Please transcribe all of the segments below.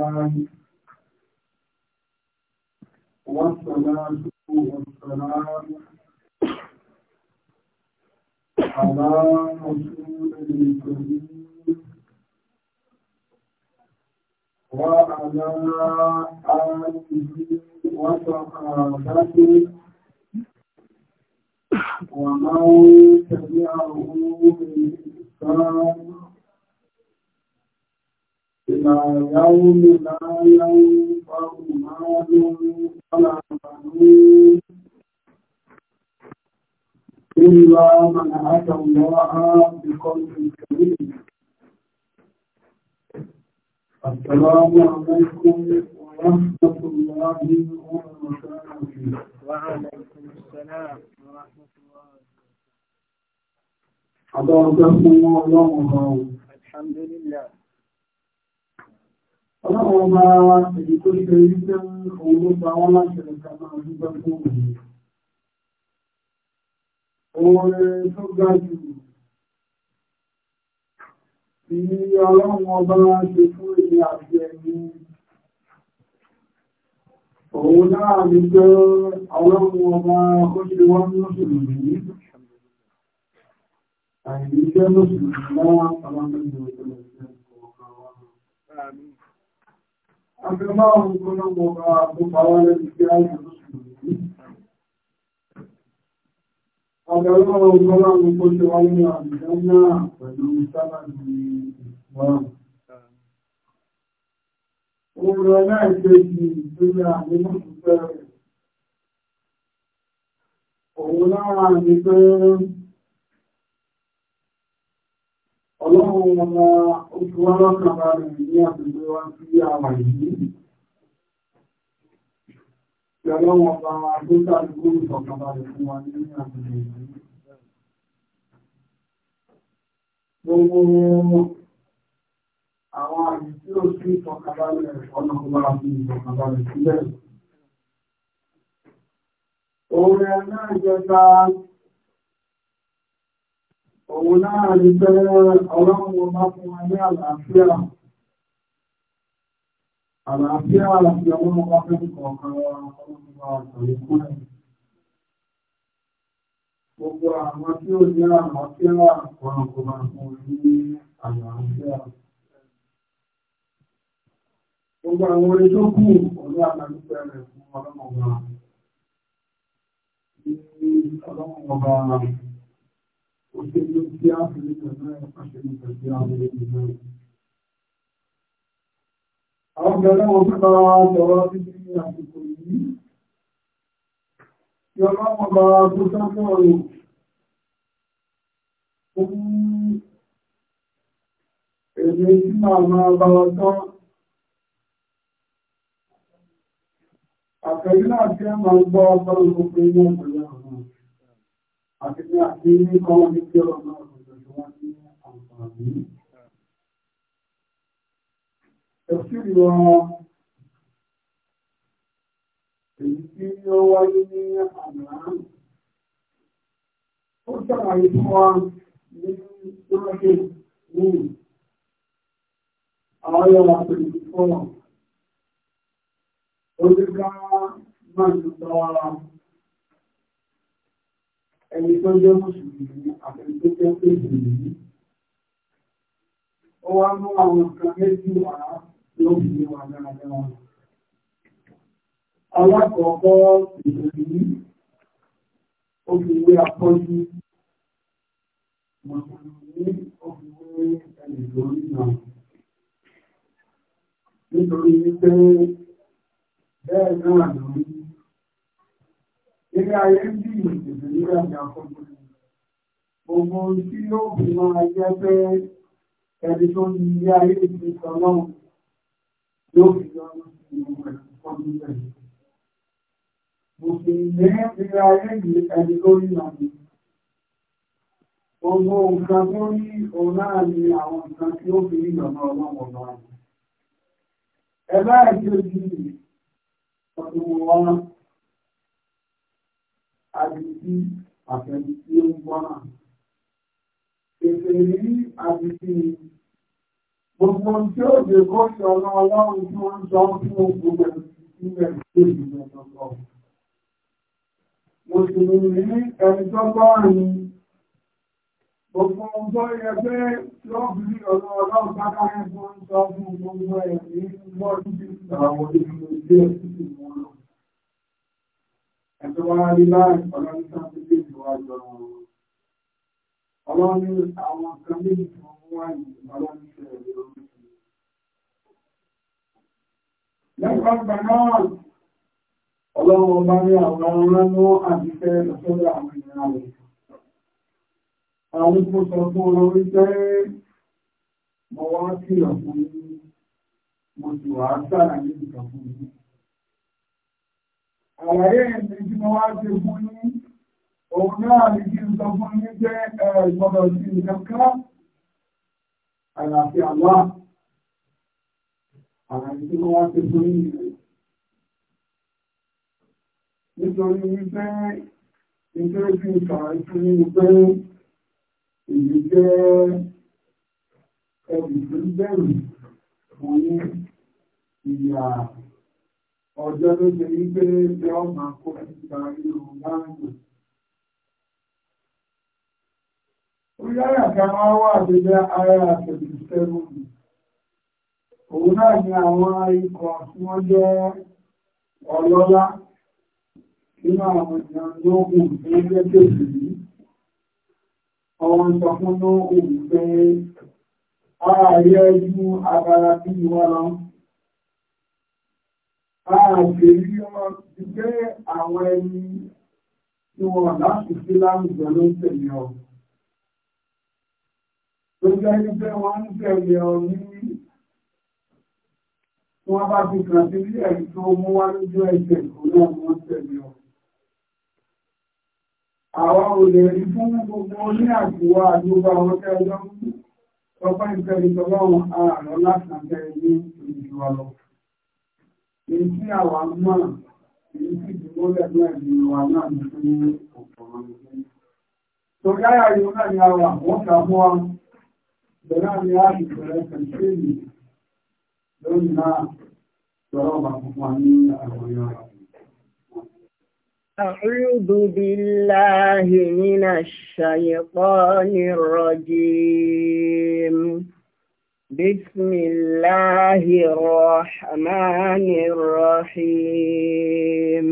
والسلام والصلاة والسلام على رسول الكريم وعلى آله وصحابته ومن تبعه بإحسان إلى يوم لا ينفع مال ولا بنون إلا من أتى الله بقلب سليم السلام عليكم ورحمة الله وبركاته وعليكم السلام ورحمة الله وبركاته أدعوكم الله الحمد لله ọlọ́run ọba wa èyí tó ṣe rí pé òun ló gba wọn láti rẹ̀ ká máa dúpẹ́ fún òun oore tó ga jù tí ọlọ́run ọba ṣe fún èyí àti ẹni òun náà ní pé ọlọ́run ọba ó ṣe wọ́n mùsùlùmí àìríṣẹ́ mùsùlùmí náà ọlọ́run ọba ṣe fún èyí àti ẹni Abdurrahman kono ba bu pawana istiyan Abdurrahman kono ko ti wa ni aljanna pẹ̀lú sabani wa Ora na ke ti dunya ni mo fẹ́ Ora ni pe ọlọ́run ọmọ oṣù ọlọ́kàbà rẹ̀ ní àtúgbò wá sí àwà yìí tí ọlọ́run ọba tó sàdúgbò ìfọ̀kàbà rẹ̀ fún wa ní àtúgbò yìí gbogbo àwọn àmì tí ó sí ìfọ̀kàbà rẹ̀ ọlọ́kàbà fún ìfọ̀kàbà rẹ̀ sílẹ̀ Orin náà jẹta Òun náà rí pé ọlọ́run ọba fún wa ní àlàáfíà. Àlàáfíà àti ọwọ́ ọba fẹ́ kọ̀ọ̀kan wa ọlọ́run ọba àtàrí kúrẹ̀. Gbogbo àwọn tí ó ní àlàáfíà ọ̀rọ̀ kò máa fún wa ní àlàáfíà. Gbogbo àwọn orin tó kù ọ̀dọ́ àtàlùfẹ́ rẹ̀ fún ọlọ́run ọba. Ọlọ́run ọba وكل السياق للسماء وقسم السياق للإمام أفضل وفقا جواب الدنيا في كله يرى مبارك تفعل Èdè máa bára tán, àtẹ̀yí láti ẹ máa gbọ́ ọgbọ́n gbogbo ẹgbẹ́ pẹ̀lú àti pé àti kọ́wọ́ ní kí ọ̀rọ̀ náà lọ́dọ̀ tí wọ́n ní àǹfààní. Ẹ̀sí lọ èyí tí ó wáyé ní àná ó ṣàlàyé fún wa ní lọ́dẹ̀ ní àwọn ọ̀rọ̀ àpèjì fọ́ọ̀mù. Ó ti ká máa ń lọ ẹni tó jẹ́ mùsùlùmí àti tó jẹ́ mùsùlùmí. Ó wá mú àwọn nǹkan méjì wá lóbìnrin wà dáadáa. Alákọ̀ọ́kọ́ ìròyìn obìnrin apọ́jú mùsùlùmí obìnrin ẹni lórí náà. Nítorí wípé bẹ́ẹ̀ náà lórí Ilé ayé ń bí ìrìnàjò nígbà ní àkọ́kọ́. Gbogbo tí yóò fi máa jẹ́ pé ẹni tó ní ilé ayé ti sọlọ́run yóò fi lọ sí ìwọ̀n ẹ̀kọ́ nígbà. Gbogbo ilé ilé ayé yìí ẹni tó ní ìlànà. Gbogbo nǹkan tó ní òun náà ni àwọn nǹkan tí ó fi ní ìlànà ọlọ́wọ́ náà. Ẹ bá ẹ̀ di ọdún wọn àbìsí àfẹnusí ń wá. Èsè rí àbìsí gbogbo tí ó lè kọ́ sí ọ̀nà ọlọ́run tí wọ́n ń sọ fún gbogbo ìpínlẹ̀ tó ìlú lọ́tọ̀. Mo sì ní ní ẹni tó gbọ́rin Gbogbo ọjọ́ yẹ pé lọ́bìnrin ọ̀nà ọlọ́run bákan ẹgbọ́n sọ fún gbogbo ẹ̀mí sí àwọn olùgbé Ẹ̀tọ́ wá rí láàrín ọlọ́rin tán ti dé ìwájọ́ wọn. Ọlọ́rin àwọn kan méjì tí wọ́n wá ní ọlọ́rin ṣẹlẹ̀ lórí. Lẹ́kọ̀ọ́ gbà náà, ọlọ́run ọba ní àwọn aránú àdífẹ́ lọ́sọ́rọ̀ àwọn ìrìnà rẹ̀. Àwọn tó sọ fún olórí jẹ́ mọ̀ wá sí ọ̀fún mo sì wà sára ní ìtàn fún mi. Àlàyé ẹ̀sìn tí mo wá ṣe fún ní òun náà ní kí n sọ fún ní jẹ́ ẹ̀rọ ìgbọ́dọ̀ sí ìkankan àyàfi àlá. Àlàyé tí mo wá ṣe fún ní ọjọ́ tó ṣe ní pé yọ́ máa kó nípa inú láàrín. Orí ayà kan máa wà tó jẹ́ ayà 37. Òun náà ni àwọn ikọ̀ tí wọ́n jẹ́ ọlọ́lá nínú àwọn èèyàn lóògùn tó jẹ́ tèsì yìí. Ọwọ́ ń sọ fún lóògùn pé ààrẹ ẹjú abara bí wọ́n lọ́wọ́. Ààbèrí wọn ti jẹ́ àwọn ẹni tí wọ́n láti sí láwùjọ ló ń tẹ̀lé ọ. Tó jẹ́ ẹgbẹ́ wọn ń tẹ̀lé ọ ní wọ́n bá ti kàn sí ilé ẹ̀rí tó mú wá lójú ẹ̀jẹ̀ kò náà wọ́n tẹ̀lé ọ. Àwọn olè rí fún gbogbo ní àjùwà àjùwà àwọn tẹ́lẹ̀ lọ́wọ́. Ọpá ìfẹ́ ìtọ́lọ́run ààrọ̀ láti àjẹ́ ní ìjùwà lọ èyí tí àwa náà èyí tí ìdúgbòlẹ̀ náà ni náà ní fún ọ̀pọ̀lọpọ̀ torí àyà yìí náà ni àwa wọ́n kà mọ́ wa bẹ̀rẹ̀ ni a bẹ̀rẹ̀ pẹ̀lú lónìí náà sọ̀rọ̀ ọ̀bà fún wa ní àwọn yàrá. أعوذ بالله من الشيطان الرجيم بسم الله الرحمن الرحيم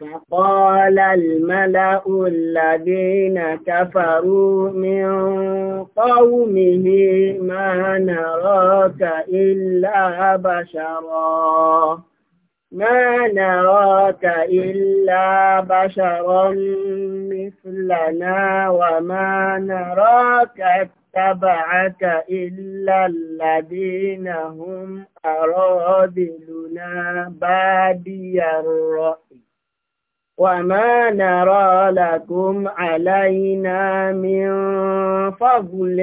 فقال الملأ الذين كفروا من قومه ما نراك إلا بشرا ما نراك إلا بشرا مثلنا وما نراك تبعك إلا الذين هم أرادلنا بادي الرأي وما نرى لكم علينا من فضل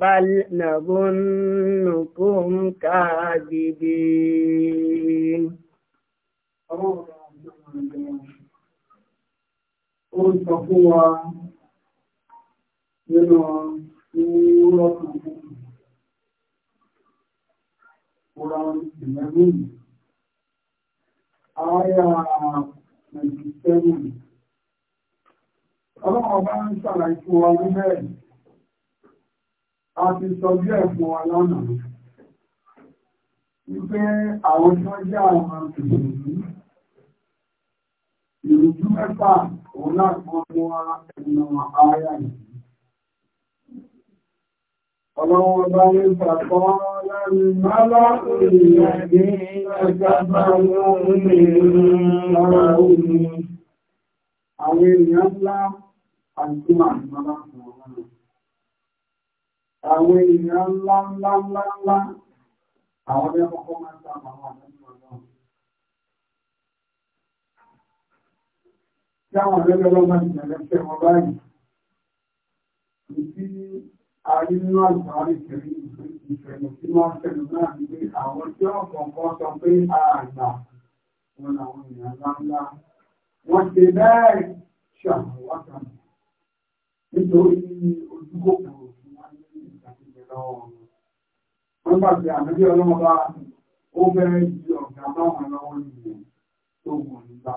بل نظنكم كاذبين Ó sọ wa nínú ìrọ́pùn Quran 11, Aya 97. Ọlọ́wọ́ bá ń ṣàlàyé fún wa níbẹ̀. A ti sọ bí ẹ̀fún wa lánàá. Wípé àwọn tí wọ́n jẹ́ àwọn àtìsìnkú. Ìrùjú mẹ́fà òun láti wọ́n mú wa ẹ̀nà ààyà yìí. Ọlọ́run bá ń pàpọ̀ láàrin mọ́lá ìrìnàjò ìjọba lóòrùn lára omi. Àwọn ènìyàn ńlá àti màmọ́lá fún ọlọ́run. Àwọn ènìyàn ńlá ńlá ńlá ńlá àwọn ọdẹ ọkọ̀ máa ń ta àwọn àdájọ́ ọlọ́run. Tí àwọn ọdẹ ọlọ́run bá ti jẹ̀lẹ́fẹ́ wọn báyìí, ààrí nínú àlùbárí ìfẹ̀rí ìfẹ̀rí tí wọ́n fẹ̀rù náà ní pé àwọn tí wọ́n kọ̀ọ̀kan sọ pé ààgbà wọn làwọn èèyàn ńláńlá wọ́n ṣe bẹ́ẹ̀ ṣàwọ́ta nítorí ojúkòkòrò tí wọ́n ní ìgbàgbé lọ́wọ́ wọn. wọ́n gbà pé àmọ́bí ọlọ́mọba ó fẹ́ẹ́ di ọ̀gá báwọn lọ́wọ́ nìyẹn tó wù nígbà.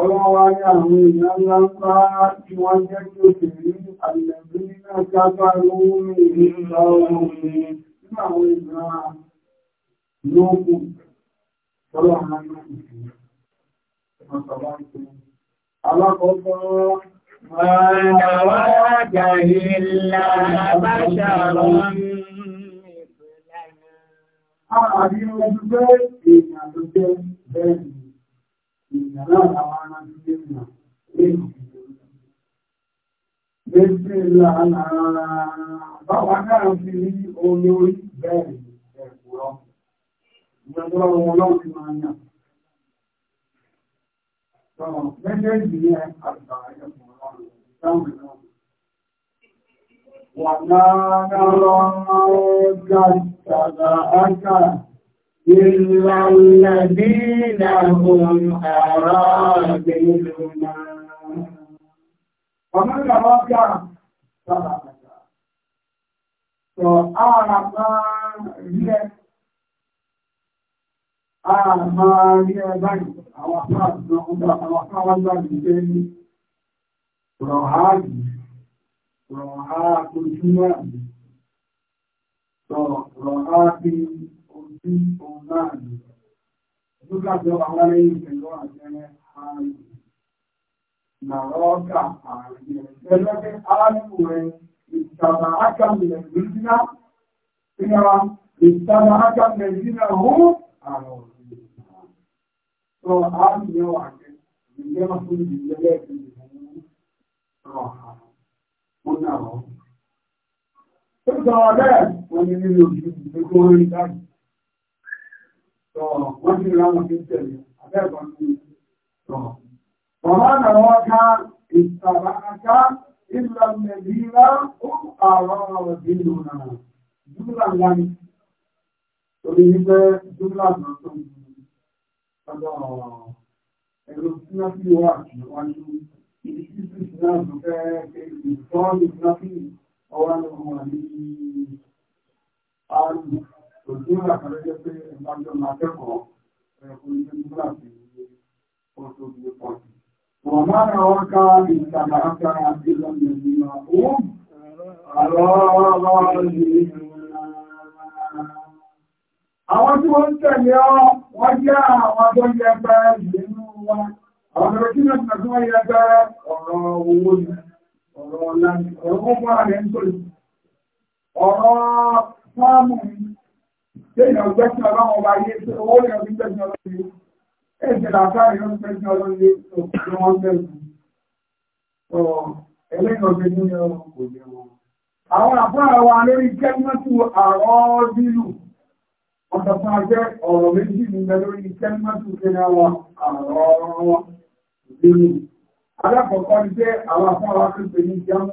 Ọlọ́wà ní àwọn èèyàn ńlá ńlá tí wọ́n jẹ́ kí ó sì rí àlẹ̀bí náà kápá lówó ní ìlú ìlà ọrùn ní àwọn èèyàn lókùn ọlọ́wà ní ìlú. Alákọ̀ọ́kọ́ Wàrà wájà ìlà báṣàrọ̀ ń mìí pẹ̀lá náà. Gbèsè lànà báwa náà fi rí omi orí bẹ́ẹ̀ ẹ̀kùrọ̀. Ìjọba ọmọ ọlọ́run ti máa yàn. Sọ̀rọ̀ méjèèjì ní àgbà ẹ̀kùrọ̀ ọ̀rọ̀ ìdáhùn náà. Wà náà náà lọ́wọ́ jáde àgbà إلا الذين هم أرادلنا ومن رجع صدقك فأعرف لك أعرف لك أوصاف أوصاف لك روحات روحات الجمال روحات sí òun náà ni lókà tí ó wà lẹ́yìn pẹ̀lú àjẹrẹ àrùn nàrọ́ọ̀kà àrùn ẹlẹ́gbẹ́ aláàbò rẹ̀ ìtàbà ákàmìlẹ̀ lójúná sínára ìtàbà ákàmìlẹ̀ lójúná hún àrùn sọ àrùn yẹn wà jẹ́ ìgbẹ́ máa fún ìdílé Ó sọ ọ̀rẹ́ ẹ̀ wọ́n ti rán wọn fi tẹ̀lé abẹ́ẹ̀kọ́ sí ọ̀rọ̀. Bọ̀má na wọ́n ká ìsàbáká ìlà mẹ̀lìlá ó àrọ̀ ọ̀rọ̀ bí lò náà. Júlà ńlá ni. Torí wípé júlà náà tó ń bí ọjọ́ ẹ̀rọ tí kò sí ìgbà kan lọ́jọ́ pé ẹ̀ka jọ máa kẹ́kọ̀ọ́ ẹ̀kọ́ ní nígbà tí ó tó di pọ̀ sí. wọ́n máa ń rawọ́ ká ìtàgbà ká àti lọ́nà ìgbìmọ̀ òun àlọ́ Àwọn tí wọ́n ń tẹ̀lé ọ́, wọ́n jẹ́ àwọn tó yẹ pẹ́ nínú wa. Àwọn ọ̀rọ̀ kí náà tàbí wọ́n yẹ pẹ́ ọ̀rọ̀ owó ni, ọ̀rọ̀ ọ̀lá ni, ọ̀rọ̀ gbogbo ààrẹ ń tó lè. Ọ̀rọ̀ fáàmù ni, lẹ́yìn ọ̀gbẹ́sìn ọlọ́run ọba yé pé owó ní ọdún gbẹ́sìn ọlọ́run yé ẹ̀sìn làtàrí ọdún gbẹ́sìn àwọn àbúrò wa lórí kẹ́mọ́tù àrọ́ bílù ọ̀sọ̀kan jẹ́ ọ̀rọ̀ méjì nígbà lórí kẹ́mọ́tù kẹ́nà wa àrọ́ alákọ̀ọ́kọ́ ni pé àwọn afọ́ wa tó pè ní jámù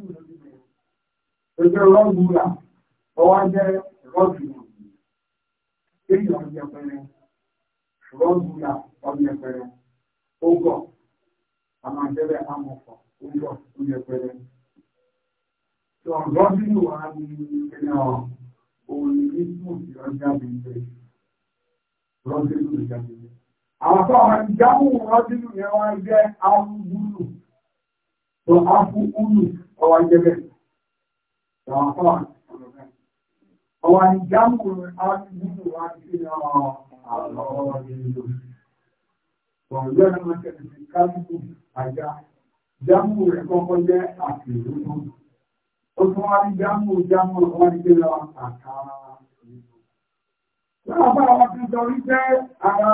Ẹgbẹ́ rọ́gbùrà, ọwá jẹ́ rọ́gbùrà. Èyí ọ̀gbẹ̀ pẹ̀rẹ̀. Rọ́gbùrà ọ̀gbẹ̀ pẹ̀rẹ̀. Ó gọ̀. A máa jẹ́rẹ̀ amọ̀fọ̀. Ó gọ̀ ọ̀gbẹ̀ pẹ̀rẹ̀. Sọ rọ́gbùrù wa ní ẹ̀yà òní nínú ìrọ̀jà bèbè. Rọ́gbùrù ìjà bèbè. Àwọn tó àwọn ìjámù rọ́gbùrù yẹn wá jẹ́ áwùgbùrù. Sọ áfù úlù ọwá jẹ́rẹ̀. Ọwà ìjámùrù àti nínú wa ti àwọn ọmọdé lò. Ọ̀rọ̀ náà máa tẹ̀lé sí káàkiri àjá. Jámùrù rẹ̀ kọ́kọ́ jẹ́ àkèrè mú. Ó tún wá ní jámùrù jámùrù wá ní pé lọ àkàrà. Láwọn bá wọn ti sọ wípé ara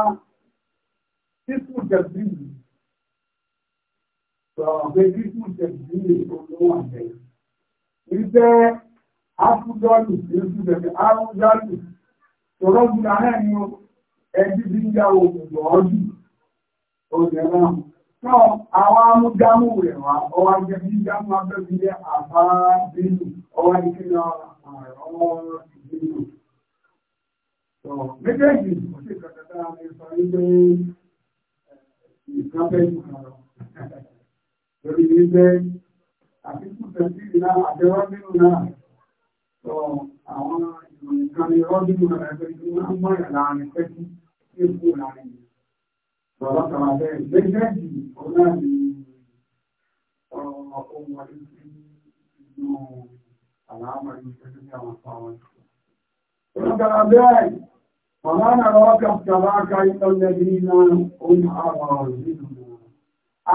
ìfẹ́ afúdọ́lù èsù bẹ̀rẹ̀ arúgbálù tọ́rọ gbúra náà ni ẹbí bí ń ya òkùnkùn ọdún ọdẹ náà náà àwọn amúdámù rẹ̀ wá ọwá jẹ́ bí dámú abẹ́bílẹ̀ àbábílù ọwá ìkílọ̀ àwọn ìdílù méjèèjì kò àti fún tẹ̀síì náà àti rọ́bìnú náà sọ àwọn ìròyìn kan ní rọ́bìnú náà ẹgbẹ́ tí wọ́n mọ̀ ẹ̀ láàrin pẹ́kí tí ó kú láàrin yìí sọ̀rọ̀ kàrà bẹ́ẹ̀ méjèèjì òun náà ní ọ̀rọ̀ ohun ọdún sí inú àlàámọ̀ ní pẹ́kí tí àwọn afọ àwọn ìṣòro. sọ̀rọ̀ kàrà bẹ́ẹ̀ وما نراك ابتغاك إلا الذين هم أراضينا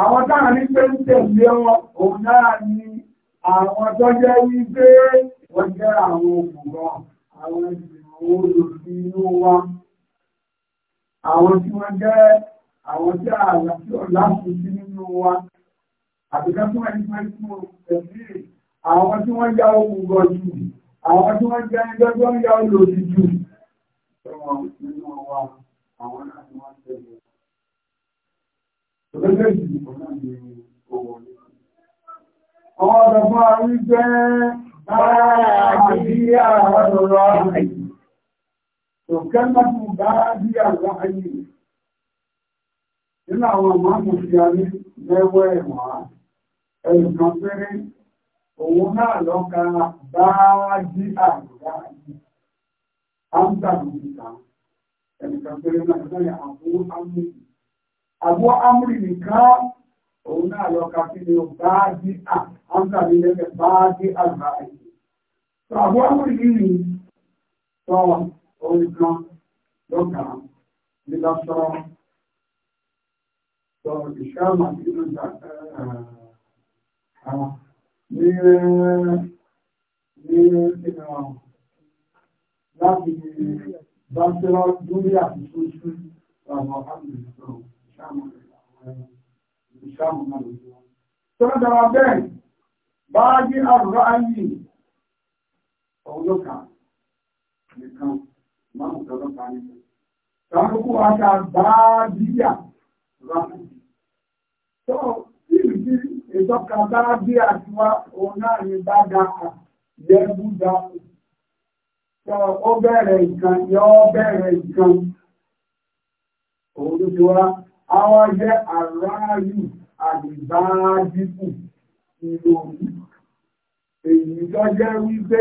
àwọn táà ní pé ń tẹ̀lé wọn òun náà ni àwọn tó jẹ́ wípé wọ́n jẹ́ àwọn òmùgọ̀ àwọn ìgbìmọ̀ olùsí inú wa àwọn tí wọ́n jẹ́ àwọn tí àlàáfíà sí nínú wa àbíká tí wọ́n jẹ́ tẹ̀lé àwọn tí wọ́n já òmùgọ̀ jù àwọn tí wọ́n jẹ́ ẹjọ́ tó ń ya olùsí jù Àwọn náà ni wọ́n tẹ̀lé. Ọlọ́gbẹ̀ẹ́jì ìgbọ̀nà ni owó ní. Ọwọ́ ọ̀dọ̀ fún àrí jẹ́ Báàdíyà ọ̀rọ̀ àìyí. Tòkẹ́mọ́tún báàdíyà ọ̀rọ̀ àìyí. Nínú àwọn ọmọ àmúfi àrí lẹ́wọ́ ẹ̀wọ̀n ẹ̀lùkan péré, òun náà lọ́ka báàdíyà ọ̀rọ̀ àìyí. Àmúta lòmìta, ẹ̀lùkan péré àwọn àmúfi àbú amúrì nìkan òun náà lọ ka sí ni bá dí à áńkà ní lẹ́fẹ̀ bá dí àgbà ẹ̀yìn tó àbú amúrì nìyí sọ orin kan lọ́kà nígbà sọ sọ ìṣàmà nínú ìgbà àwọn ní ní ìgbìmọ̀ láti bá sẹ́rọ̀ lórí àtúntò sí àwọn àmì ìṣòro. Tọ́lá dára bẹ́ẹ̀, bá jí àrùrá ayé ọ̀hún ló kà nìkan máa ń tọ́lọ́ pa ní. Tàbíkú aka bá jíyà rá. Tọ́ sí ìdí ìtọ́ka bá bí àtiwá òun náà ní bá da yẹ́bú da. Tọ́ ó bẹ̀rẹ̀ nǹkan, yọ́ bẹ̀rẹ̀ nǹkan. Òun ló ti wá àwọn jẹ́ aráàlú àdìbáàdìbù ìròyìn èyí tó jẹ́ wípé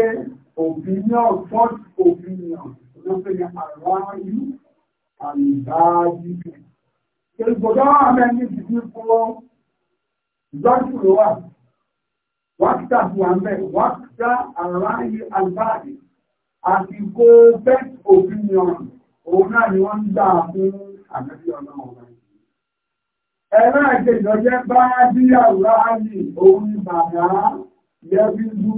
opinion first opinion ló pé ní aráàlú àdìbáàdìbù ìgbòdó àmẹ́ni ti fi fún ìgbájú ló wà wákìtà fún àmẹ́ wákìtà aráàlú àdìbáàdì àsìkò best opinion òun náà ni wọ́n ń gbà fún àmẹ́bí ọlọ́run Ẹ̀rọ àjẹjọ jẹ́ bá bí àwòránì òun bàbá yẹ́bí lú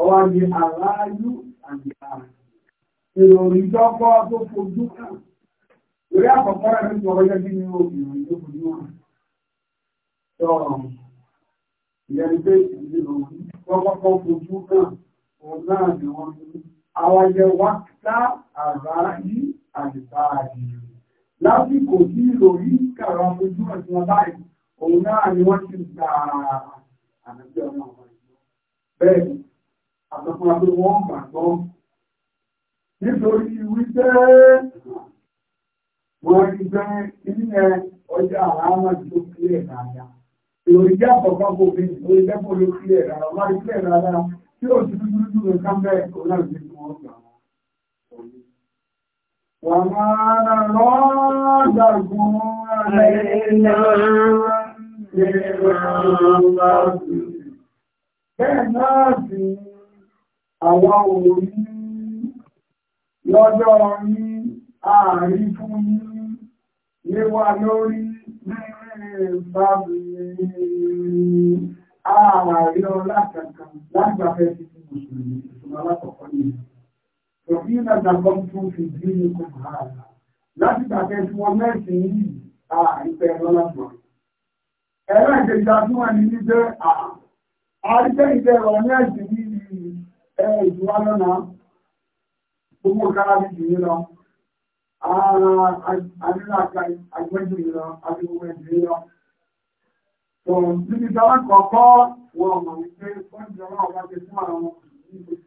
ọwà ní àráyú àti àrùn. Ìròyìn tọ́kọ́ tó fojú hàn. Orí àkọ́kọ́ rẹ̀ ní ọjọ́ bí ní ìròyìn tó fojú hàn. Sọ̀rọ̀ ìyẹn pé ìròyìn tọ́kọ́ fojú hàn òun náà ni wọ́n ní. Àwọn jẹ́ lásìkò tí ìròyìn kàrà fojú ẹ̀sìn wọn báyìí òun náà ni wọ́n ti gba ànájẹ́ ọmọ àwọn ìlú bẹ́ẹ̀ ni àtọ́fúnra pé wọ́n gbàgbọ́ nítorí wípé wọ́n rí pé nílẹ̀ ọjà àwọn tó kílẹ̀ dáadáa ìròyìn jẹ́ àkọ́kọ́ kò fi ìròyìn dẹ́pọ̀ ló kílẹ̀ dáadáa wọ́n rí kílẹ̀ dáadáa tí ó ti dúdú dúdú nǹkan bẹ́ẹ̀ òun náà ti fún ọgbà wọn وما نرادكم علينا Kẹ́ẹ̀láàfí àwọn òní lọ́jọ́ ní ààrí fún ní léwà lórí mẹ́rin bábí ààrí ọlá kankan lágbàfẹ́ sí mùsùlùmí ìṣúná látọ̀kọ́ ní ìlú òbí ìdàgbà tún fi bí i kò máa rà láti gbàgbé tí wọ́n mẹ́sìn yìí àìpẹ́ lọ́lọ́pọ̀. ẹ̀rọ ìgbèjà tí wọ́n ní ní pé àìpẹ́ ìbẹ̀rọ mẹ́sìn yìí ẹ̀ ìjúwá lọ́nà gbogbo kára bí jù yín lọ àríláàkà àgbẹ́jù yín lọ àti gbogbo ẹ̀jù yín lọ. tó níbi tí wọ́n kọ̀ọ̀kọ́ wọn mọ̀ wípé wọ́n ti ọlọ́run bá ti fún àwọn òṣèlú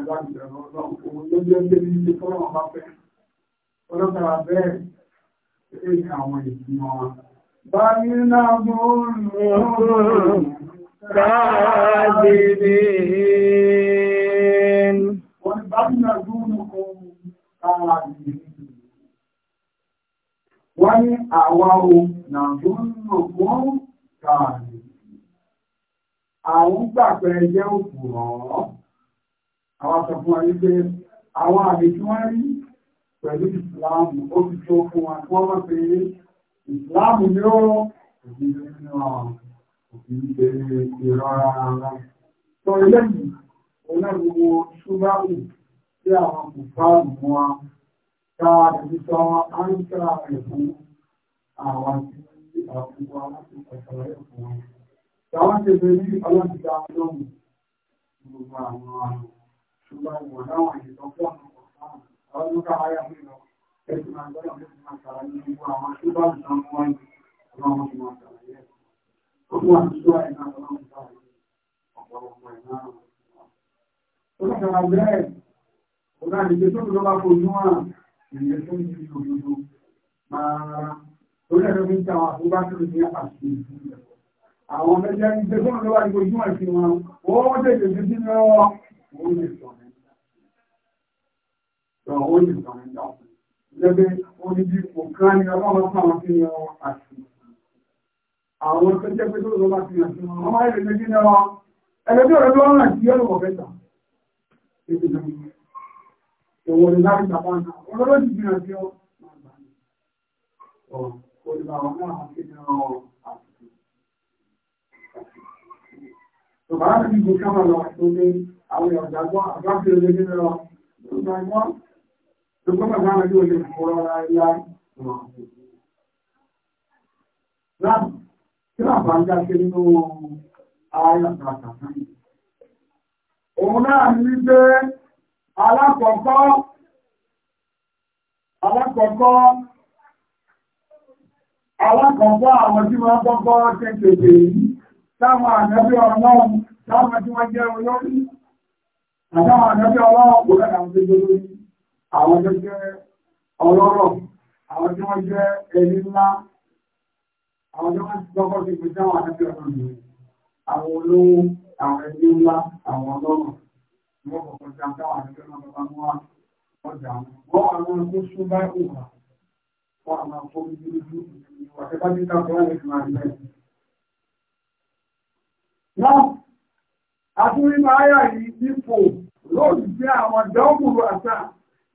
ẹ̀bá ìbẹ̀rù ọlọ́run òun ló jẹ́ pé ní ilé fọ́lọ́run bá fẹ́ àwọn ìgbìmọ̀ àwọn sọ fún wa ní pé àwọn àmì tí wọ́n rí pẹ̀lú ìsìláàmù ó ti tó fún wa tí wọ́n mọ̀ pé ìsìláàmù ni ó òfin nínú òfin ṣe ìrọra ara sọ eléyìí olóògbò ṣúgbàmù tí àwọn kò fáàlù mọ́ wa ká àti sọ áńkà rẹ̀ fún àwọn tí àkókò aláṣẹ pàtàkì rẹ̀ fún wa. Tàwọn ṣe fẹ́ ní ọlọ́dún ṣùgbọ́n àwọn ló káwá yà mí lọ ẹ̀sùn máa wọ́n yìí ọlọ́run ti máa ṣàlàyé ó fún sọ̀rọ̀ ó lè sọ ìjà ọ̀sán. Gẹ́gẹ́ ó ní bí kò kán ní ọlọ́run fún àwọn tí wọ́n àti àwọn tó jẹ́ pé tó lọ́wọ́ bá ti yàn sí wọn. Wọ́n máa ń lè ní ní wọn. Ẹgbẹ́ ọ̀rẹ́ lọ́rùn àti yẹ́lò wọ̀ fẹ́ tà. Èwo ni láti tàbá náà? Olóró ti gbìyànjú sí ọ. Olùbàwọ̀ náà àti ìdánwò àti Tòbára ti gbò kámà lọ tó ní àwọn ìyàwó ìdágbọ́ àgbáfẹ́ olóyìn lọ. Olùbàwọ̀ Òun náà ní pé alákọ̀ọ́kọ́, alákọ̀ọ́kọ́, alákọ̀ọ́kọ́ àwọn tí wọ́n kọ́kọ́ ṣe kèfè yìí, táwọn ànẹ́bí ọlọ́run, táwọn tí wọ́n jẹ́ olórí, àtàwọn ànẹ́bí ọlọ́run kò rẹ̀ àwọn tí ó lórí àwọn tó jẹ́ ọlọ́rọ̀ àwọn tí wọ́n jẹ́ ẹni ńlá àwọn tí wọ́n lọ́kọ́ ti pèsè àwọn àti ọ̀rọ̀ ìlú àwọn olówó àwọn ẹni ńlá àwọn ọlọ́rọ̀ wọ́n kọ̀ọ̀kan ti àtàwọn àti ọ̀rọ̀ bàbá mú wa ọjà wọn àwọn tó sún bá ìwà wọn àwọn akọ́bí dúdú ìwà tẹ́tà tí ká bọ́ ẹ̀sìn àgbẹ̀. náà a tún nínú àyà yìí dípò lóòtú sí àwọn dọ́ọ̀bù àtà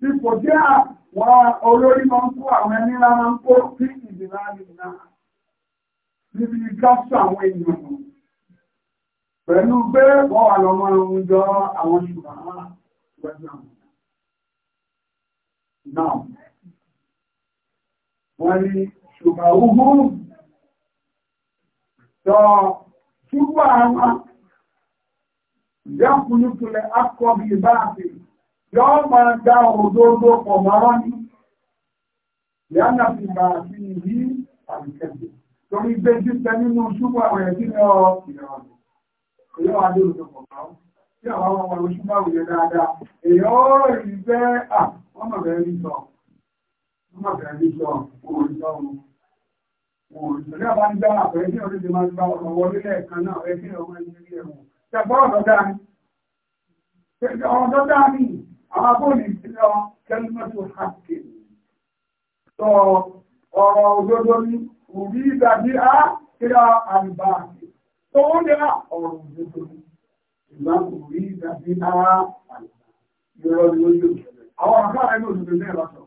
ipò jẹ́ àwọn olórí máa ń kó àwọn ẹni ńlá máa ń kó sí ìdìbò àárín náà níbi gáàsù àwọn èèyàn pẹ̀lú pé wọ́n wà lọ́mọ ohun jọ àwọn ṣùgbọ́n pẹ̀lú àwọn náà wọ́n ní ṣùgbọ́n ogun sọ ṣùgbọ́n àwọn ìyá kúlùkùlẹ̀ akọ́bí bá yọ́ máa dá òdòdó pọ̀ mọ́rọ́ ní ìyáná fi máa fi rí àbíkẹ́bẹ̀ torí gbé jíṣẹ́ nínú ṣúgbà rẹ̀ sí lọ ìrọ̀lẹ̀ èyí wà lórí òdòdó pọ̀ mọ́rọ́ tí àwọn ọmọ ọmọ ṣúgbà rẹ̀ dáadáa èyí ó rí bẹ́ à wọ́n mọ̀ bẹ́ẹ̀ rí sọ wọ́n mọ̀ bẹ́ẹ̀ rí sọ òun sọ òun Ìjọba bá ń dá àpẹẹrẹ tí ọdún ti máa ń gba ọ̀rọ̀ wọlé lẹ́ẹ̀kan náà ẹ kí ọmọ ẹni rí ẹ̀wọ̀n. Ṣẹ̀gbọ́n ọ̀dọ́ dáa ni. Ṣẹ̀gbọ́n ọ̀dọ́ dáa ni àbóyí sílọ kẹlùmọ́tò hàkì sọ ọ̀rọ̀ òdodo ní òbí ìdàbí á kíra àlùbáàkì tó ó nira ọ̀rọ̀ òdodo ní ìgbà òbí ìdàbí á yọrọ ni ó yóò ṣẹlẹ̀ àwọn àkáà ní òdodo ní ẹ̀rọ sọ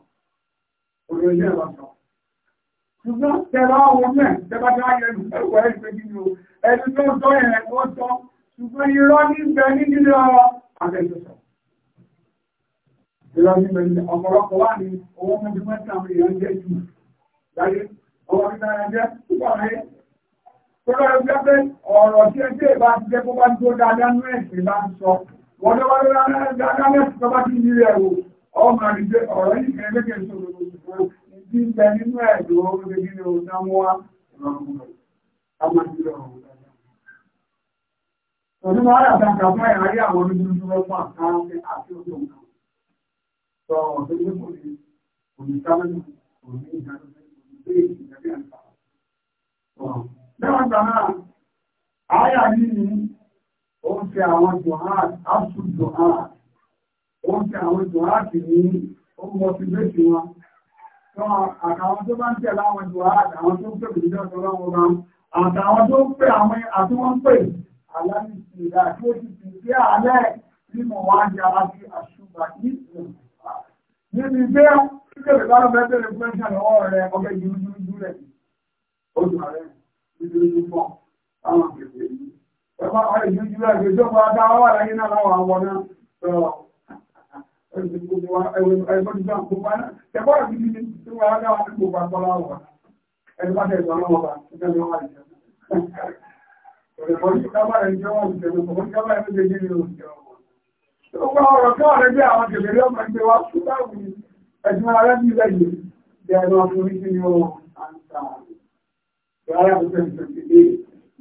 òdodo ní ẹ̀rọ sọ ṣùgbọ́n tẹ̀lá àwọn mẹ́ tẹ́bá dá yẹnu ẹ̀wọ̀ ẹ̀ ṣe kí ni o ẹni tó tọ́ yẹn ó tọ́ ṣùgbọ́n irọ́ ní ìlànà ìbẹ̀rẹ̀ ọ̀pọ̀lọpọ̀ wà ní owó mọ́jú mẹ́ta àwọn èèyàn jẹ́ jù láyé ọwọ́ ní náà jẹ́ púpọ̀ rẹ̀ tó lọ́rọ̀ jẹ́ pé ọ̀rọ̀ tí ẹ jẹ́ ìbá ti jẹ́ kó bá tó dáadáa ní ẹ̀sìn bá ń sọ wọ́n lọ́wọ́ lọ́wọ́ dáadáa mẹ́sìn tó bá ti ní rẹ̀ o ọmọ àdìgbé ọ̀rọ̀ yìí kẹ́ lẹ́kẹ̀ẹ́ sọ̀rọ̀ lọ́wọ́ ti ń bẹ nínú ẹ̀dùn orí gẹ́gẹ́ ní ọdún àwọn ọmọdé Òní máa rà dáadáa fún ẹ̀ráyé àwọn onígbùnú tó lọ́pàá àti àti òṣèlú sọ ọ̀dọ́ ní kò ní kò ní sáwẹ́nì kò ní ìdájọ́ kò ní bẹ́ẹ̀ ìdájọ́ àǹfà. lẹ́wọ̀n gbàmà àyà yìí ni ó ń fi àwọn johan asu johan ó ń fi àwọn johan kì ní ó ń mọ sí méjì wọn. àtàwọn tó bá ń pè àwọn àtúwọ́n pè aláìsí ìdá tó ti fi sí àlẹ́ bí mo wá ní ìlú níbi gbé kíkèrè bá lọ́bẹ̀ẹ́ bẹ̀rẹ̀ pẹ́ṣẹ̀ lọ́wọ́ rẹ̀ ọgbẹ́ yúrúyúrú rẹ̀ oṣù ààrẹ nítorí púpọ̀ táwọn kèfè yìí ẹ̀fọ́ ọ̀rẹ́ yúrúyúrú rẹ̀ ìjọba adáwọ́ láyé náà láwọn àwọn náà sọ̀rọ̀ Ẹgbẹ́ ìgbòmọ̀ ẹgbẹ́ ìgbòmọ̀ Gbogbo ọ̀rọ̀ kí wọ́n rẹ̀ bí àwọn kèfèrè ọmọ ẹgbẹ́ wa fún ní ní ọ̀rọ̀ àǹtà. Ìyára tó tẹ̀sí tẹ̀sí dé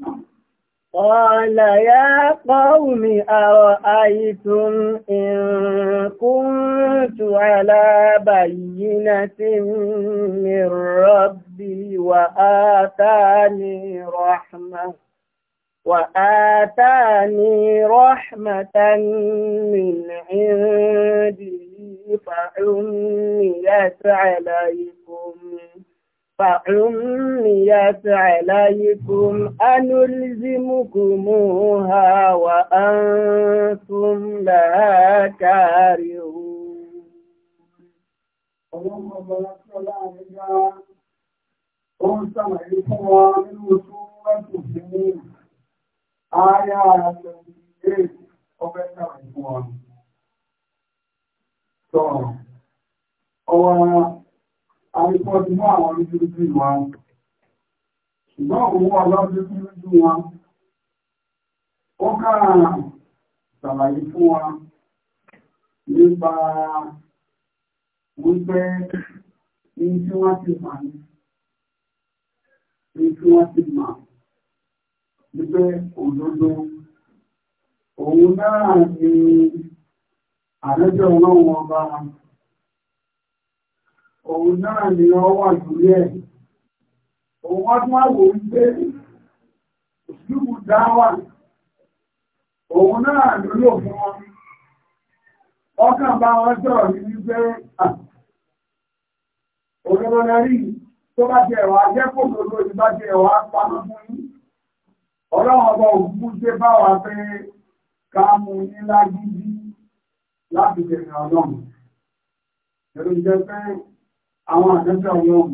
náà. قال يا قوم أرأيتم إن كنت على وآتاني رحمة من عنده فعميت عليكم فعميت عليكم أنلزمكموها وأنتم لا كارهون Ó ń sàlàyé fún wa nínú tó wá tòfin Aya àtẹ̀lẹ́ ọgbẹ́ náà fún ọ. Sọ̀rọ̀, ọwọ́ àríkọ́ ti mọ́ àwọn orílẹ̀-èdè wa. Ṣùgbọ́n òun wà lọ́dún tí ó jú wa. Ó kára ṣàlàyé fún wa nípa wípé ní tí wọ́n ti mà ní. Ní tí wọ́n ti mà ní wípé òdodo òun náà ni àrẹ́jọ́ ọlọ́run ọba òun náà ni ọ wà lórí ẹ̀ òun wá tún àwò wípé òṣìlú dáwà òun náà lórí òfin wọn ọkàn bá wọn sọ̀rọ̀ ní wípé òdodo lẹ́rí tó bá ti ẹ̀wà jẹ́ kó òdodo ti bá ti ẹ̀wà pamọ́ fún yín ọlọ́run ọba òkú jẹ́ bá wa pé ká mú ní lágídí láti tẹ̀lé ọlọ́run ẹ̀rọ jẹ́ pé àwọn àjẹ́sẹ̀ ọlọ́run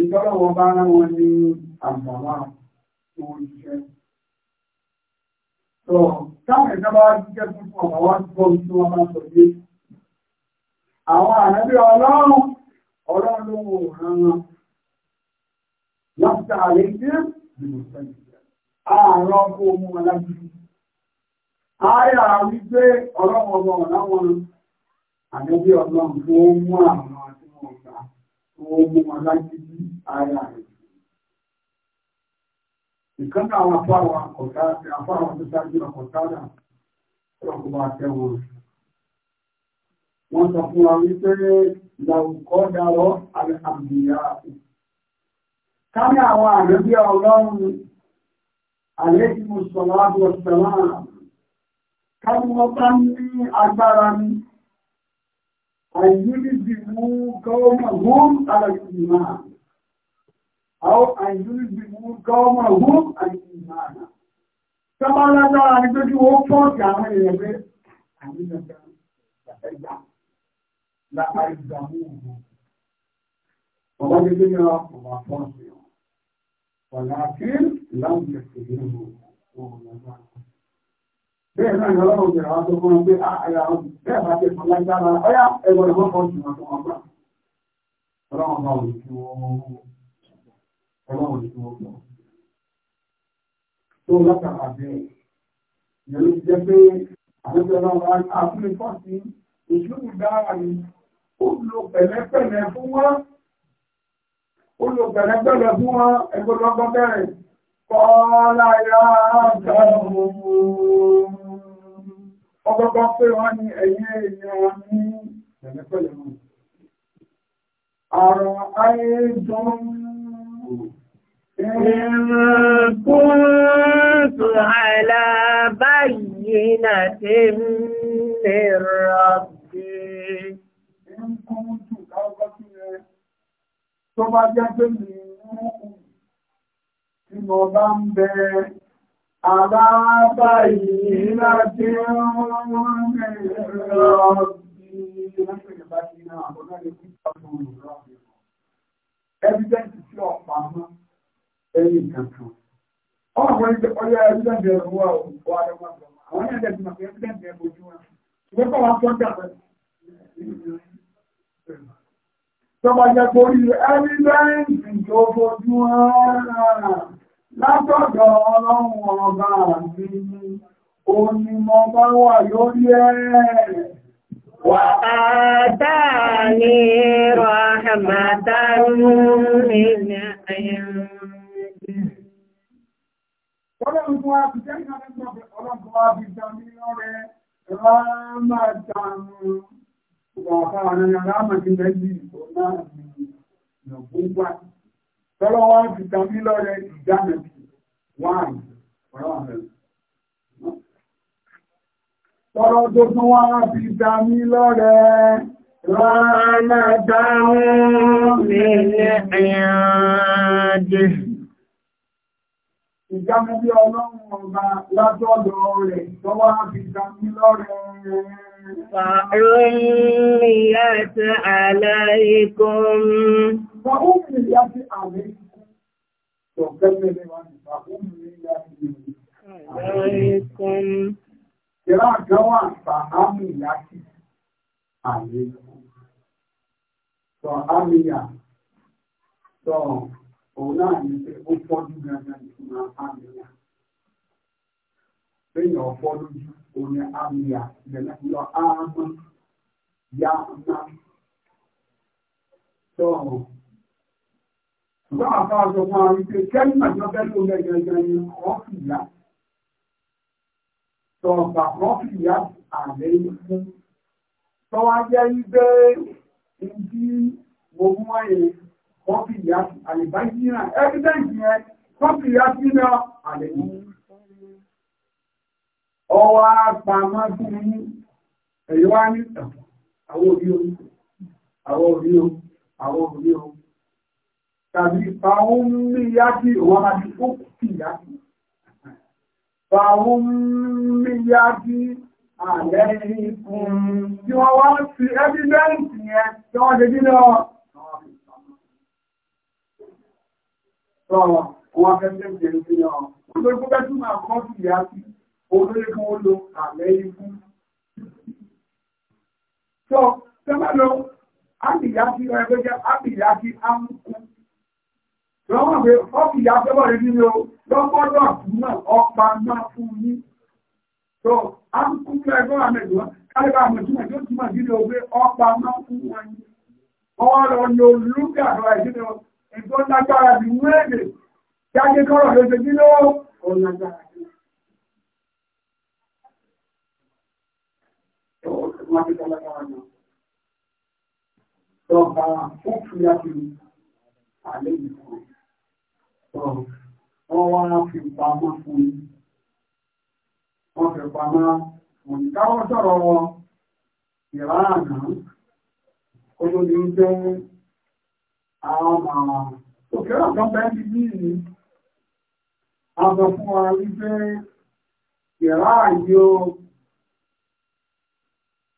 ìtọ́lọ́wọ́ bá rán wọn ní àgbàwà tó ṣiṣẹ́ tó táwọn ìjọba wá jíjẹ́ fún ọmọ wá gbọ́ tí wọ́n bá sọ yé àwọn àrẹ́bí ọlọ́run ọlọ́run ló wò rán wọn láti àlejò Ààrùn ọkọ̀ omi wọn lájú. Ààyà wípé ọlọ́run ọmọ ọ̀láwọn àjọ́bí ọlọ́run tó mú àwọn àti wọn gbà tó mú wọn lájú bí ààyà rẹ̀. Ìkánná àwọn afáwọn akọ̀tá afáwọn tó ṣáájú ọkọ̀tá náà ọlọ́kùn bá tẹ́ wọn. Wọ́n sọ fún wa wípé làwùkọ́ darọ́ àbíyá ìpínlẹ̀. Kámi àwọn ànábí ọlọ́run, àlékìmù sọ̀láàbù ọ̀sẹ̀lá, kámi wọ́n bá ní agbára ní, àìyúlìdì mú gọ́ọ̀mà hùn alàìsìmá. Àwọn àìyúlìdì mú gọ́ọ̀mà hùn alàìsìmá. Sábà lágbára ní pé kí wọ́n fọ́ọ̀kì àwọn èèyàn pé, àmì ìjọba ẹgbà láàárín ìgbà mú òun. Bàbá gẹ́gẹ́ ní ọmọ àfọ́ọ̀sì ولكن لم يستجيبوا bẹ́ẹ̀ náà ni ọlọ́run bẹ̀rẹ̀ wá tó fún wọn pé àyà bẹ́ẹ̀ bá ti fún lágbára ọyá ẹgbẹ̀rún wọn kọ́ sí wọn tó wọn gbà ọlọ́run bá òun tí wọ́n ọlọ́run tí wọ́n gbọ́ tó látara bẹ́ẹ̀ ìyẹn ló jẹ́ pé àwọn ìjọba wa àfihàn fọ́ọ̀sì ìṣúlù dára ni ó lo pẹ̀lẹ́pẹ̀lẹ́ fún wọn olùgbẹ̀lẹ́gbẹ̀lẹ̀ fún wọn ẹgbẹ̀lọ́gbọ́n bẹ̀rẹ̀ kọ́ọ́lá ya gbẹ̀rún ọgbọ́gbọ́ pé wọ́n ní ẹ̀yìn èèyàn ní ẹ̀lẹ́pẹ̀lẹ̀ wọn àrùn ayé dùn كنت على بينة من ربي إن كنت tó bá jẹ́ pé mi tí bá ń bẹ aláàbá yìí láti Evidence tí ọ̀pá mọ́ ẹ̀yìn kankan. Ọ̀pọ̀ ìjọ ọyá evidence ẹ̀rọ wà òkú adọ́gbàgbà. Àwọn ẹ̀dẹ̀ tí màkà evidence ẹ̀bójú wọn. Ìwé kọ́ wa tọ́jà pẹ̀lú. Tọ́bàjẹ́ torí ẹ́lìlẹ́ǹsì tó fojú ara látọ̀dọ̀ ọlọ́run ọba mi, onímọ̀ bá wà lórí ẹ̀. Wà á dáa ní rahmatan min indi. Ọlọ́run tó wá fi jẹ́ ìgbàmí ọlọ́run tó wá fi jẹ́ wàfáàrin aláàmàdínlá yìí tó náà ní ìyànkó wà. Tọ́lọ́ wá ń fi tàbí lọ́rẹ̀ ìdánàbí wà Tọ́lọ́ lọ́rẹ̀ Rọ́nà dáhùn ní ìrìnàjì. Ìjámẹ́bí ọlọ́run ọba látọ́dọ̀ rẹ̀ tọ́wọ́ fi tàbí lọ́rẹ̀ rẹ̀. وعميت عليكم وعميت عليكم عليكم Ìrá àjọwà sàámi yàtì àlékún. Sọ àmìyà sọ òun náà ní pé ó fọ́dún gangan ìtumọ̀ àmìyà. Béèyàn fọ́ lójú òní àmìyà ìbẹ̀lẹ̀ lọ ààmọ́ yá ńlá tọ́ọ̀rọ̀. Ṣùgbọ́n àfá ọjọ́ fún àwọn ìpé kẹ́lìmà jọ bẹ́ẹ̀ ló lẹ́ gẹ́gẹ́ ní ọ́fìyà. Tọ̀ọ̀bà ọ́fìyà àlẹ́ fún. Tọ́wá jẹ́ ibé ìdí gbogbo wáyé ọ́fìyà àlẹ́báyé náà. Ẹ́fídẹ́ǹtì yẹn, ọ́fìyà sí náà àlẹ́ fún ọwọ́ apamọ́ fún yí èyí wá ní àwọn òbí o àwọn òbí o àwọn òbí o tàbí fàún mí yákì wọ́n máa di ó kì yákì fàún mí yákì àlẹ́ ikùn tí wọ́n wá sí ẹ́bídẹ́ǹtì yẹn tí wọ́n ṣe gílẹ̀ ọ́ Sọ̀rọ̀ wọn fẹ́ tẹ́jẹ̀ ìpínlẹ̀ ọ̀hún. Ó lórí púpẹ́ tún máa kọ́ sí ìyá sí olóògùn olo àlẹ́ ikú. So, tẹ́mọ̀lọ́, ábìyàkí ẹgbẹ́ jẹ́ ábìyàkí ámùkú. Lọ́wọ́n pé ọ́bìyà tẹ́mọ̀ rẹ̀ nínú lọ́gbọ́dọ̀ àtúnmọ̀ ọpa náà fún yí. So, ámùkú ẹgbẹ́ àmẹ́jọ́, kálẹ́bà àmẹ́jọ́ tó túnmọ̀ nínú ọgbẹ́ ọpa náà fún wọn yí. Ọwọ́ lọ ní olúgbà àrọ̀ ìdílé ìtọ́lágbára ìwé èdè. Jáde kọ́rọ̀ lóṣèlú lọ́wọ́ ọ̀làgbára. mafi talakawa na to ba fúnfún ya fi alẹ́ ìfún to wọ́n wá fi pamọ́ fún wọ́n fi pamọ́ fún káwọ́ sọ̀rọ̀ wọn ìrànà kó tó ní jẹ́ àwọn àwọn òkèrè a sọ fún wa wípé ìrànà yóò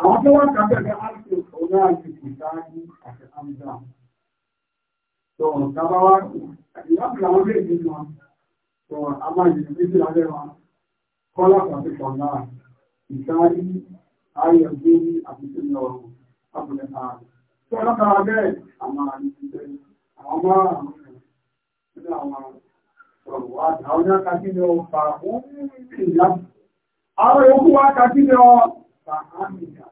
àwọn tó wá kábẹ̀rẹ̀ àti ọ̀nà àti ìsáájú àti àmìdá tó ọ̀nà wá láti àwọn ilé ìdí wọn tó a máa yìí méjì lálẹ́ wọn kọ́lá àti ọ̀nà ìsáájú ayọ̀gbé àti ìsinmi ọ̀rọ̀ abúlé ààrẹ tó ọlọ́kàrà bẹ́ẹ̀ àmà ìsinmi àwọn máa àwọn nínú àwọn ọ̀rọ̀ wá àwọn ní àkàtí ni ó fà ó ń rìn láti àwọn yòókù wá àkàtí ni ó fàámìlà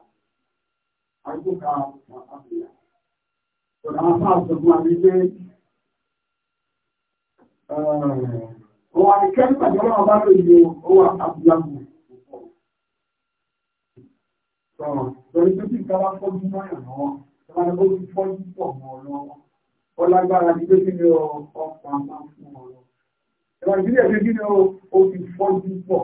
àgbékà fàámìlà. Ọ̀nà máa sọ fún àmì pé ọwọ́ àríkẹ́ ìpàdé ọlọ́wọ́ bá lè yẹ owó àbúyàmù púpọ̀. Sọ̀rọ̀ tó ti ká wá fọ́jú mọ́yàn lọ́wọ́, tó bá lọ́wọ́ ti fọ́jú pọ̀ mọ́ lọ́wọ́. Ó lágbára ní pé kí ni ọkọ̀ àmà fún ọ lọ. Ìwà ìdílé ẹgbẹ́ ó ti fọ́jú pọ̀.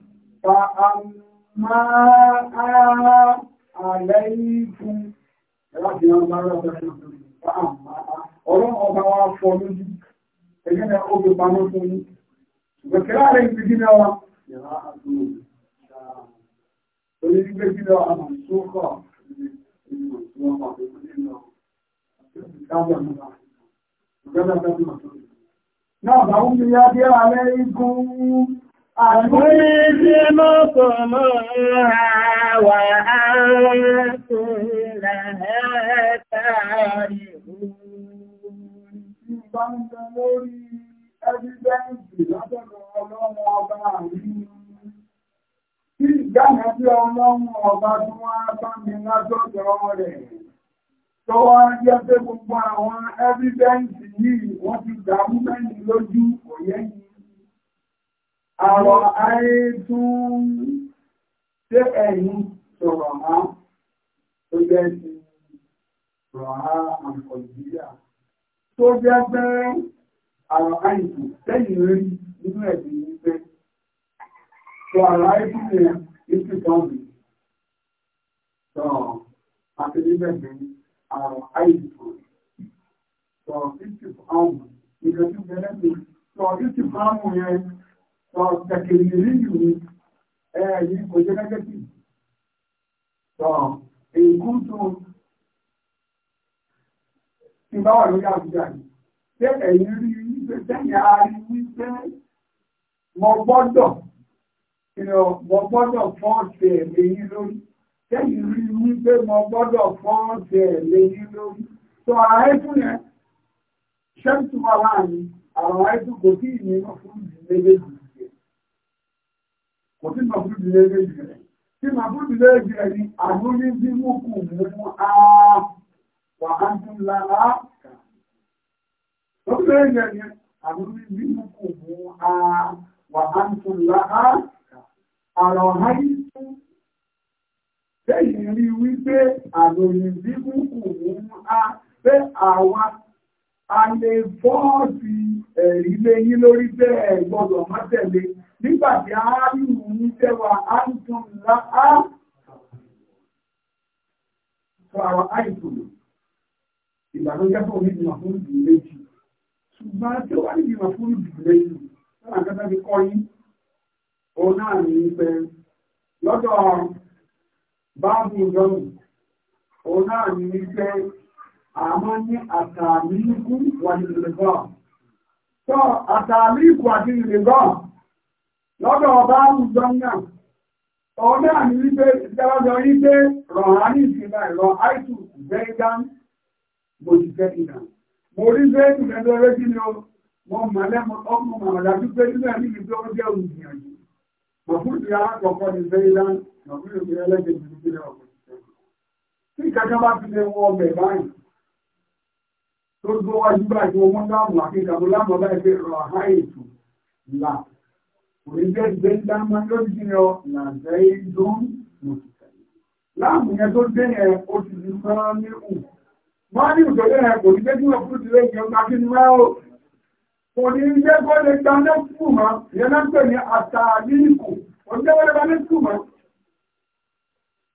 فأما عليكم láti ọ̀rọ̀ bá rọ̀ ọ̀rọ̀ ọ̀rọ̀ ọba wa fọ́ lójú ẹgbẹ́ ni ó gbé pamọ́ fún ní ìgbẹ̀kẹ́lá rẹ̀ ti gíná wa yàrá àtúrò orí gbígbé gíná àmà sókọ̀ Náà bá ń bí yá bí alẹ́ igun ألزمكموها وأنتم لها كارهون Tí ìgbàmọ̀ tí ọlọ́run ọba tí wọ́n á bá mi lájọ́jọ́ rẹ̀, tó wá jẹ́ pé gbogbo àwọn ẹ́bídẹ́ǹsì yìí wọ́n ti dàmú mẹ́rin lójú kò yẹ́yìn Àwọn àìdún ṣé ẹ̀yìn sọ̀rọ̀ á tó jẹ́ ti sọ̀rọ̀ á àǹkọ̀lùbíyà. Tó jẹ́ pé àwọn àìdún lẹ́yìn rí nínú ẹ̀sìn ní pé. Sọ àwọn àìdún yẹn ìpín kan rí. Sọ àti níbẹ̀ ní àwọn àìdún. Sọ ìpín kan rí. Ìgbẹ́ tí ó bẹ̀rẹ̀ sí. Sọ ìpín kan rí sọ kẹkẹrì ríjù ni ẹ̀yí kò jẹ́ nẹ́gẹ́tì sọ èkún tó ti bá wà lórí àbújá yìí pé ẹ̀yìn rí wípé sẹ́yìn àárí wípé mo gbọ́dọ̀ mo gbọ́dọ̀ fọ́ọ̀sì ẹ̀lẹ́yìn lórí sẹ́yìn rí wípé mo gbọ́dọ̀ fọ́ọ̀sì ẹ̀lẹ́yìn lórí sọ ààrẹ fún yẹn ṣẹ́ntùmọ̀ kò sí màbúdìlé méjì rẹ̀ tí màbúdìlé méjì rẹ̀ ni àlóyé bí wọ́n wà á lára kà wà á lára kà lẹ́yìn rí wípé àlóyé bí wọ́n a àwa a lè ẹ̀rí lẹ́yìn lórí bẹ́ẹ̀ gbọ́dọ̀ nígbàtí àárínú ní tẹ́wà àìsùn láà sọ àwọn àìsùn ìgbàlójẹ́ fún onígbìmọ̀ fún ìgbìlẹ́jì ṣùgbọ́n tí ó wá nígbìmọ̀ fún ìgbìlẹ́jì lọ́nà kẹta fi kọ́ yí o náà ní pẹ́ lọ́dọ̀ báàbù ìjọmù o náà lọ́dọ̀ ọba àrùjọ náà ọ̀rọ̀ náà ní wípé ìjọba rí pé rọ̀hán ní ìsinmi ẹ̀rọ àìsù zẹ́gán mo ti fẹ́ ìdá mo rí pé ìrẹ́dọ̀ rédí ni mo mọ̀ lẹ́mọ ọmọ màmàdà tó pé nígbà ní ìgbé ó jẹ́ òmìnirin mo fún ìdí alákọ̀ọ́kọ́ ní zẹ́gán mo fún ìdí ẹlẹ́gbẹ̀ẹ́ ní ìgbé ọ̀pọ̀ tí Òrìjẹ́ ìgbẹ́ndá máa lórí jíni ọ nàzẹ́ ìdún mọ̀tìtẹ̀lẹ̀. Láàmù yẹn tó dé yẹn ó ti di máa ní ù. Máa ní ù tó dé yẹn kò ní jẹ́ kí wọ́n fún ti lé ìjọ máa kí ni máa ó. Kò ní jẹ́ kó lè gba lẹ́kùn mọ́, ìyẹn náà pè ní àtàlí ìkù. Kò ní jẹ́ kó lè gba lẹ́kùn mọ́.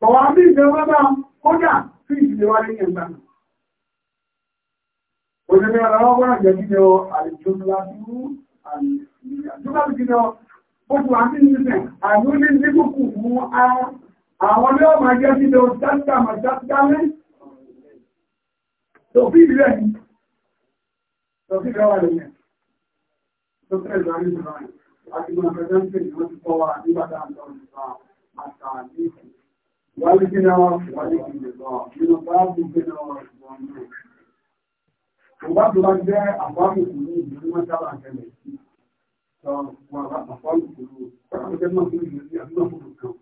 Bọ̀wá bí ìjọba bá kódà sí ìdílé wa lẹ́yìn ẹ̀gbà náà. Òṣèlú ọ̀rọ̀ wọ́n jẹ́ kí ni ọ àlejò gbogbo àti nílẹ̀ àlú ní nígbùkù mú àwọn ní ọmọ ẹgbẹ́ sí lọ dáadáa dáadáa tòfí ìrẹ́ ni tòfí ìrẹ́ wà lẹ́yìn tó fẹ́ ìgbà ní ìgbà àti ìgbà pẹ̀lú ìgbà tí wọ́n ti kọ́ wa nígbàtà àtàlẹ́ wálé kí náà wálé kí lọ nínú báàbù kí náà wọ́n mú ọgbà tó bá jẹ́ àpapọ̀ ìlú ìlú mọ́tàlá tẹ́lẹ̀ sí wọn àbá àpapọ̀ ìṣòro àbíkẹ́ náà fún ìṣòro sí àbíkẹ́ náà fún kan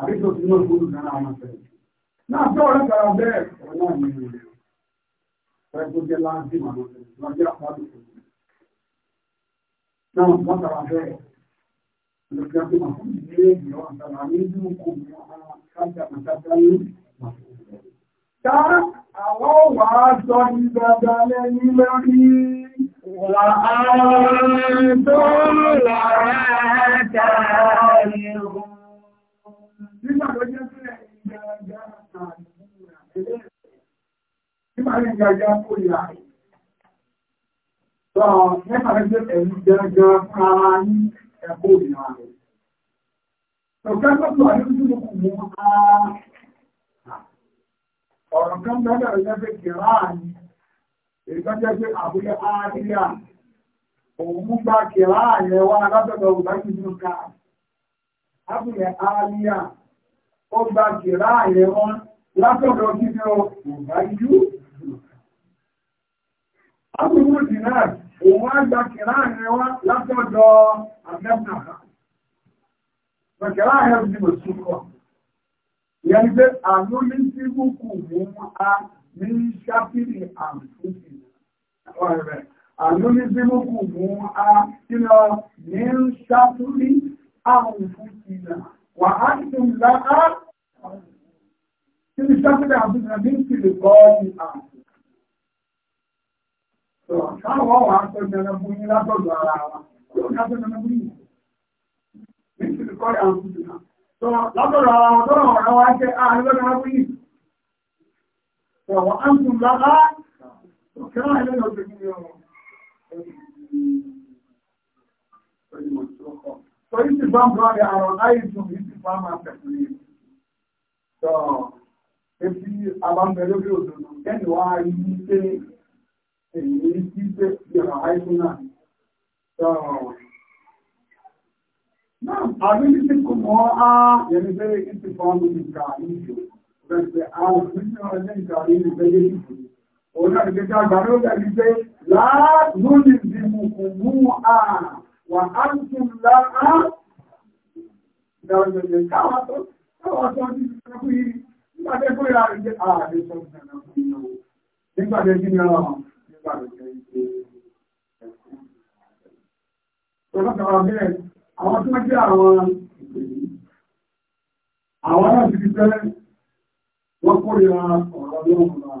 àbíkẹ́ sí náà fún ìṣòro àwọn afẹ́rẹ́. náà tó ọ̀rẹ́ tara bẹ́ẹ̀ ọ̀rẹ́ náà ní ìrìn rẹ̀ ọ̀rẹ́ tó jẹ́ láńsì màmá rẹ̀ wọ́n jẹ́ àpapọ̀ ìṣòro. náà wọ́n tara bẹ́ẹ̀ lọ́jọ́ pé màá fún ìdílé ìyọ́ àtàrà ní ìlú kò ní àwọn àwọn wàá sọ ní dáadáa lẹ́yìn lórí وأنتم Ọ̀rọ̀ kan dáadáa rẹ̀ jẹ́ pé kìrá ní ìgbẹ́jẹ́ pé àbúlé àríyà òun gbá kìlá àyẹ̀ wá látọ̀dọ̀ òbájú ní ká àbúlé àríyà ó gbá kìlá àyẹ̀ wọ́n látọ̀dọ̀ kíni òbájú àbúrú dìnnà òun á gbá kìlá àyẹ̀ wá látọ̀dọ̀ àbẹ́bùnàká Bàkẹ́lá ẹ̀rọ ti mọ̀ sí kọ́. Ìyẹn ni pé àlóyún tí kúkú mú a ní ṣáfìrì àǹfùsì ọ̀rẹ̀ àlóníbímọ́kù mú a sílọ ní ń ṣàtúrí àwọn fún ìlà wà á tún láá kí ni ṣàtúrí àbúrà ní ìpìlẹ̀ gọ́ọ̀lù àti káwọ́ wà á tọ́ ìjẹrẹbù ní látọ̀dọ̀ ara wa yóò ní àtọ́ ìjẹrẹbù yìí ní ìpìlẹ̀ gọ́ọ̀lù àti ìlà látọ̀dọ̀ ara wa tọ́rọ̀ ọ̀rọ̀ wa jẹ́ àrílọ́dọ̀ So if the bomb brought our eyes to hit the farm after three. So if the abandoned views, then you are in the city, and you keep it, your eyes on that. So now, I really think more are, let me say, it's the form of the car issue. But the hour, which are the car is very different òun náà lè ká gbà ló dẹ̀bi pé láàrúlì bí mo kò mú jẹ́ o nígbà tẹ́ kí ni ọ nígbà tẹ́ kí ni ọ. Tọ́lọ́tọ̀ wa bẹ́ẹ̀ àwọn tó jẹ́ àwọn ìpèlú àwọn náà ti fi tẹ́lẹ̀ wọ́n kórìíra ọ̀rọ̀ lọ́wọ́ náà.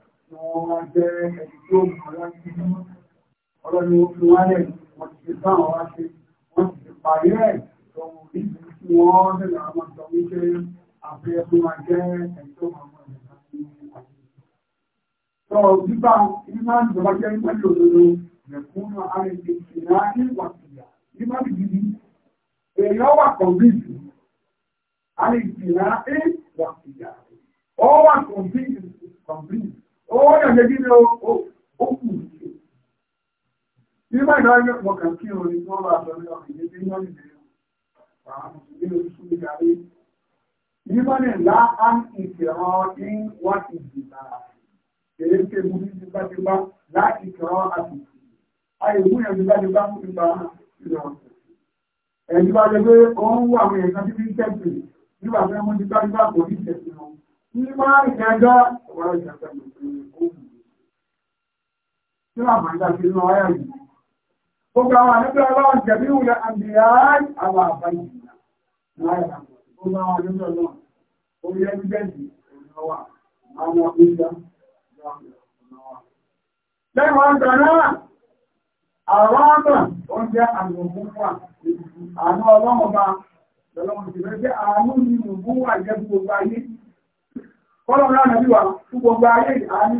ni wọ́n wá jẹ́ ẹni tí ó mọ̀ láti mú ọlọ́ni ó fi wálẹ̀ wọ́n ti fi bá wọn wá ṣe wọ́n ti fi parí ẹ̀ lọ́wọ́ ìlú tí wọ́n bẹ̀rẹ̀ àwọn ìjọ wípé àfihàn tó máa jẹ́ ẹni tó máa mọ̀ nípa ní àti sọ gbígbà ìmọ̀ ìjọba jẹ́ ìmọ̀ ìlòdodo mẹ̀kúnnù àrètí ìlà ní ìwàkìyà ìmọ̀ ìdíbi èèyàn wà kọ̀ǹbíìsì àrètí ìlà ní ìwàkìyà ó wà kọ̀ǹbíìsì kọ̀ǹbíìsì Owó náà lè gílé ókù ìṣe. Nígbà ìdájọ́ pọ̀ kàn kí orin tí wọ́n bá sọ ní ọkùnrin ní bí wọ́n lè rí àwọn ìdílé oṣù ní àrí. Nígbà ní ńlá á ń ìkìrọ̀ ní wọ́n ti dìbà. Èyí ń ké mú ní tipátipá láti kìrọ̀ àti ìsìn. Ayé mú yẹn tipátipá mú ìrọ̀ ọ̀sẹ̀. Ẹ̀yìn bá jẹ pé ó ń wà àwọn èèyàn tí fi ń tẹ̀sìn nígbà tí wọ́n ti tipátipá kò ní tẹ̀sìn wọn. n'ime gẹ́gẹ́ ọjọọ ìjọba ìgbìyànjú kó wù. Tí wọ́n máa ń dá sí inú ọ̀yà yìí. Gbogbo àwọn Kọ́lọ̀rọ̀ ànàbí wà fún gbogbo ayé ìhání.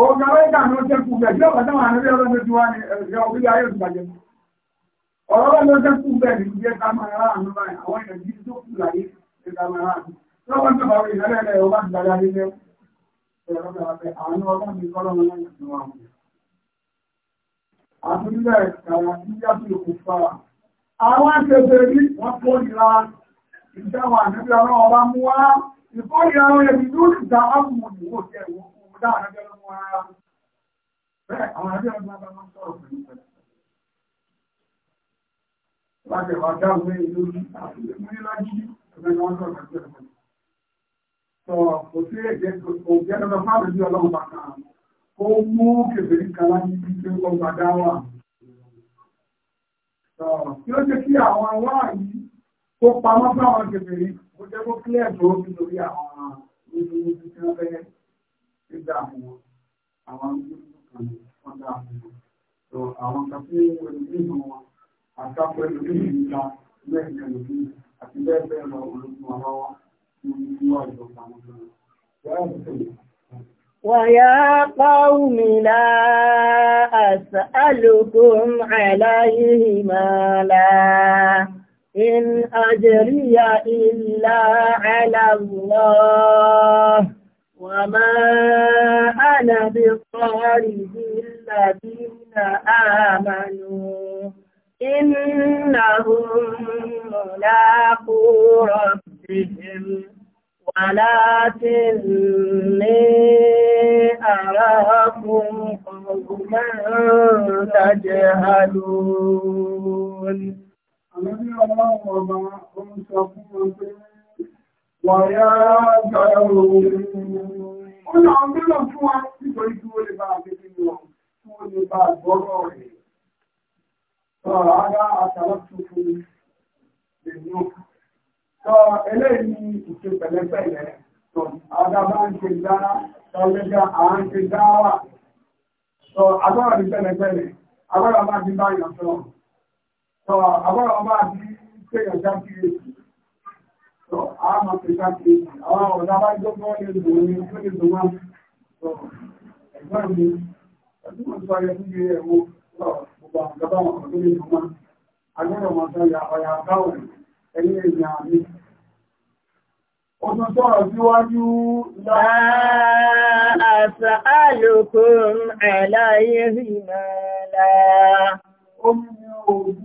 Òun náà wáyé dànù jẹ́ kú bẹ̀, yóò bàtà wà nílé ọlọ́dún tí wá ní ẹ̀rọ orí ayé ìbàjẹ́. Ọ̀rọ̀ ló jẹ́ kú bẹ̀ ní jẹ́ kámàrà àánú báyìí, àwọn èèyàn jí tó kú láyé ní kámàrà àánú. Lọ́wọ́ ń tọ́ba ìrẹ́lẹ̀ rẹ̀ ọba ti dára nílé àánú ọlọ́run ní kọ́lọ́run náà ti wà mú. Àtúndílẹ̀ kàrà sí yàtú òkú fara. Àwọn akẹ́kẹ́ rí wọ́n kó ìlà ìjáwà níbi ọlọ́run ọba mú wá ìfọ́rí àwọn ẹbí ló lè dá ápùmọ̀ ìwò jẹ́ ìwọ̀n fún dáadáa jẹ́ lọ́wọ́ ara bẹ́ẹ̀ àwọn ẹbí ọdún bá máa ń sọ̀rọ̀ pẹ̀lú pẹ̀lú láti ẹ̀wà dáwọ́ ìlú àti ìmúrí lájú ẹgbẹ́ ni wọ́n sọ̀rọ̀ pẹ̀lú pẹ̀lú sọ kò sí èdè kò jẹ́ lọ́dọ̀ fáwọn ẹbí ọlọ́run bá tí ó jẹ́ kí àwọn wáàyí kó pamọ́ fáwọn kèfèrí jẹ́ kó clear tó fi lórí àwọn níbi níbi tí wọ́n fẹ́ gbígbà wọn àwọn níbi kan wọ́n dá wọn so àwọn kan tí wọ́n ní nínú wọn àtàkùn ẹ̀lú ní ìlú mẹ́rin ẹ̀lú àti bẹ́ẹ̀ bẹ́ẹ̀ lọ ológun ọlọ́wọ́ ní ìwà ìjọba wọn ويا قوم لا أسألكم عليه مالا إن أجري إلا على الله وما أنا بطارد الذين آمنوا إنهم ملاقو ربهم ولكني أراكم قوما تجهلون Àlẹ́bí ọlọ́run ọba ó ń sọ fún wọn pé wàyá gbára oòrùn. Ó náà ń bẹ́lọ̀ fún wa nítorí kí ó lè bá àgbẹ̀bí wọn, kí ó lè bá àgbọ́rọ̀ rẹ̀. Sọ̀rọ̀ ara àtàlọ́ tuntun lèyàn. Sọ eléyìí ni ìṣe pẹ̀lẹ́pẹ̀lẹ́. Sọ àdàbà ń ṣe dá, sọ lẹ́gbẹ́ à ń ṣe dá wà. Sọ agbára ní pẹ̀lẹ́pẹ̀lẹ́, agbára máa ti bá ìyàn sọ̀rọ̀ àwọn ọmọ àti kéèyàn ṣáàkìyèsí tó a máa fi ṣáàkìyèsí àwọn ọ̀dá àláyé rí máa láàá. Omi ni òògùn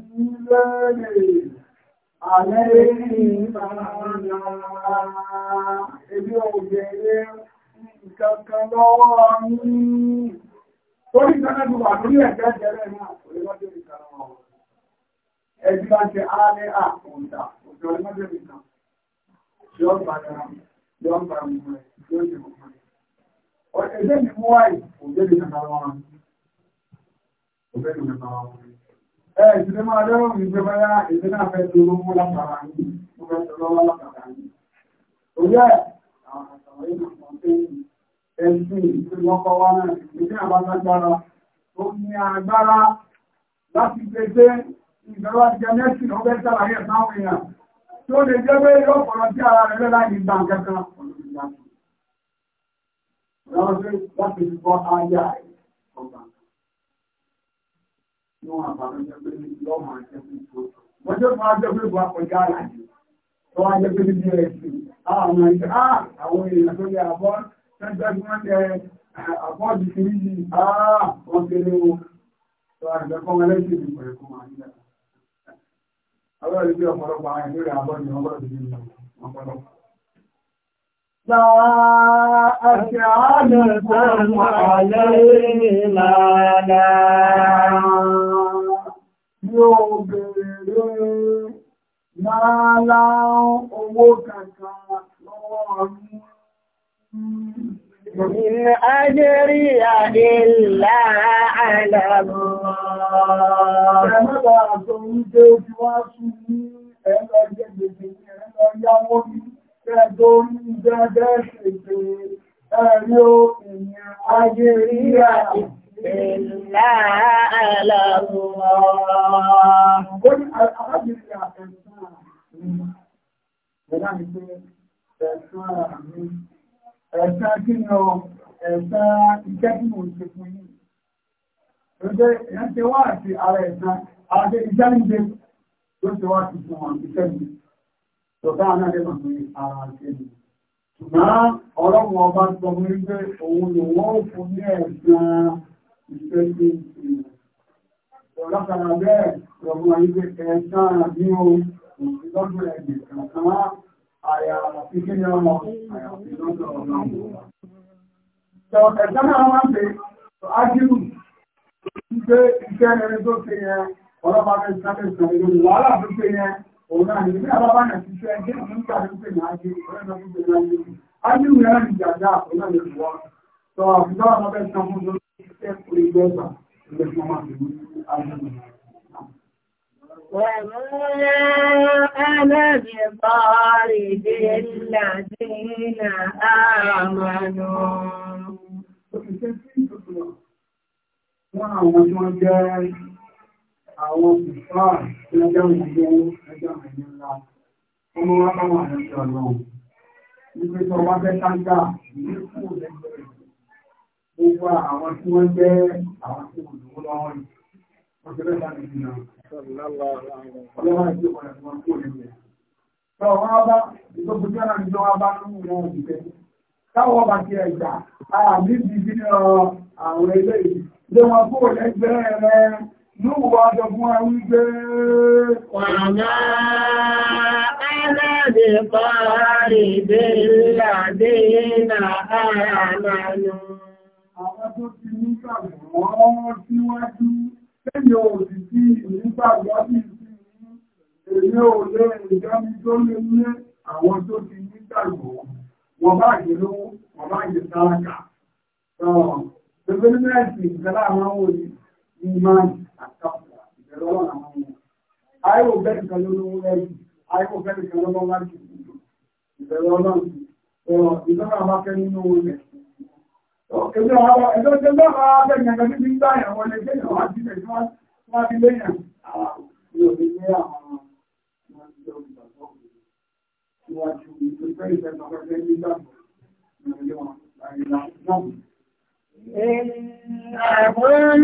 Torí ìgbẹ́gbẹ́ wà ní ẹ̀gbẹ́ jẹ́rẹ́ náà, olèmọ́jẹ́ ìkàrà wọn. Ẹjí bá ṣe ààrẹ àkùnta, òjò olèmọ́jẹ́ ìkàrà. Yọ́ ń bá dára, yọ́ ń bá mú rẹ̀, yóò jẹ́ mú rẹ̀. Ọ̀ẹ̀ẹ́gbẹ́ ni mú wáyìí, òjò ìkàrà wọn. Òjò ìkàrà wọn ìṣẹ́lẹ̀ máa lẹ́rùn ìgbé báyá ìṣẹ́ náà fẹ́ tó lówó látara ní ọgbẹ́ tó lọ́wọ́ látara ní orí ẹ̀ àwọn àtàwọn èèyàn kan pé ẹ̀sìn tí wọ́n kọ́ wá náà ìṣẹ́ àbátágbára ó ní agbára láti gbèsè ìjọba jẹ mẹ́sìn ọgbẹ́ sàlàyé sáwọn èèyàn tí ó lè jẹ́ pé yóò fọ̀rọ̀ sí ara rẹ̀ láì gbà kankan láti fi bọ́ ayé ọgbà níwọ̀n àbá ló jẹ́ pé lọ́mọ jẹ́ pé tó. Wọ́n jẹ́ fún ajẹ́ pé wà pẹ̀lú àlàyé. Wọ́n wá jẹ́ pé ní DSC. Àwọn ẹ̀jẹ̀ á àwọn èèyàn tó yẹ àbọ̀ tẹ́tẹ́ tí wọ́n jẹ àbọ̀ ti fi rí yìí á wọ́n ti rí wọn. Sọ àgbẹ̀ Àwọn ẹ̀jẹ̀ ọ̀pọ̀lọpọ̀ سواء كانتم علينا لا yóò bèèrè láàlá owó kàkà lọ́wọ́ ojú wá sí ẹ̀lọ́jẹ́ gbèsè ní ẹ̀lọ́yáwó yìí tẹ́gbórí gẹ́gẹ́ ṣètò ẹ̀rí òkùnrin ajéríà ìlà àlàrúwà. Ó ní arábìnrin àtẹ̀sán àmì, ẹ̀lá ni pé ẹ̀sán àmì, ẹ̀sán kí ni ọ, ẹ̀sán iṣẹ́ tí mo ṣe fún yìí. Ẹgbẹ́ ìrántí wá àti ara ẹ̀sán, àti ṣe fún wọn Tọ́ta anáàdẹ́mọ̀ ní ara ṣe ni. Ṣùgbọ́n ọlọ́run ọba sọ mú wípé òun ló wọ́n fún ní ẹ̀sán ìṣẹ́ tí ń fi. Ọlọ́kàrà bẹ́ẹ̀ lọ́gbọ́n wípé ẹ̀sán ní ohun ìlọ́dún ẹ̀dẹ̀ kankan àyà àti kí ni ọmọ àyà àti lọ́dún ọlọ́run. Sọ ẹ̀sán náà wá ń pè ájírù wípé òun náà ní àwọn Wọ́n àwọn ọmọ tí àwọn ìfáà tí ó jẹ́ ìgbé ẹjọ́ ìgbé ńlá ọmọ wọn bá wà lọ́sẹ̀ ọ̀nà wípé tó wá fẹ́ sáńgà ní kú lẹ́gbẹ̀ẹ́ táwọn bá ti ẹ̀jà àmì ìdí nínú àwọn ilé ìdí lé wọn kú lẹ́gbẹ̀ẹ́ rẹ̀ Lúwọ́ ọjọ́gbọ́n àwọn ìgbé ọ̀nà ẹlẹ́dẹ̀ kọ́rì bèèrè náà àrànàlú. Àwọn tó ti nígbàgbọ́ ọmọ síwájú, tẹ́yẹ òsì sí ìrúgbàgbọ́ sí èyí ò lé ìjọmi tó lè ní àwọn tó ti nígbàgbọ́. Wọ́n bá yìí lówó, wọ́n bá yìí sálákà. Ṣọ́ àtàkùnà ìbẹ̀rù wọn àwọn èèyàn. Àìwò bẹ́ẹ̀ nìkan ló lówó lẹ́yìn, àìwò bẹ́ẹ̀ nìkan ló lọ́wọ́ láti ìbẹ̀rù ọlọ́run. Ọ̀rọ̀ ìjọba àbá fẹ́ nínú rẹ̀. Ẹgbẹ́ àwọn ẹgbẹ́ tó bá wà á bẹ̀rẹ̀ nìkan níbi gbá yẹn wọlé gbé yẹn wá sílẹ̀ tí wọ́n ti lé yẹn. Àwọn ìròyìn ní àwọn ọmọ ìjọba ìgbàgbọ́ ìwájú ìgbésẹ̀ ìfẹ́ إنهم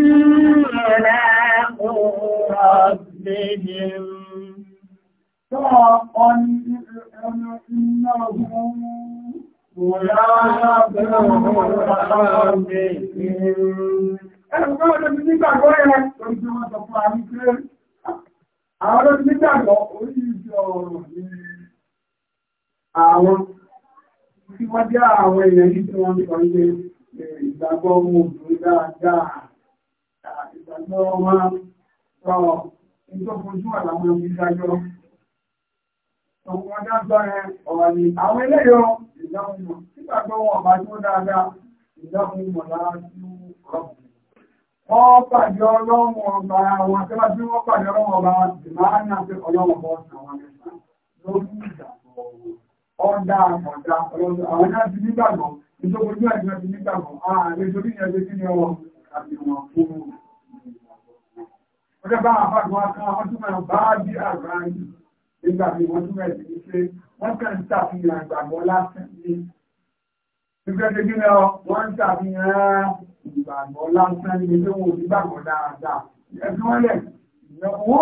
ملاقو ربهم حقا إنهم ملاقو ربهم Ẹnùkọ́ ọdún àwọn tí wọ́n jẹ́ àwọn èèyàn ní tí wọ́n ń sọ ilé. ìgbàgbọ́ ọmọ obìnrin dáadáa ìgbàgbọ́ ọmọ rọ ìjọfojú àlàmọ́ ìdájọ́ ọkùnrin dájọ́ ọ̀rọ̀ ni àwọn eléyọ ìdáhùnmọ̀ nígbàgbọ́ wọn ọba tó dáadáa ìdáhùnmọ̀ ọba tí Ìjọba ojú àjọ ti nígbà mọ̀, ààrẹ torí ní ẹgbẹ́ kí ni ọwọ́ àti wọn fún un. Ọjọ́ bá àbájọ kan, wọ́n tún máa bá bí àgbà yìí nígbà tí wọ́n tún mẹ́rin ní pé wọ́n kàn ń ṣàfihàn ìgbàgbọ́ lásán ní. Nígbà tí kíni ọ, wọ́n ń ṣàfihàn ìgbàgbọ́ lásán ní pé wọn ò ní gbàgbọ́ dáadáa. Ẹ̀sùn wọn lẹ̀, ìnáwó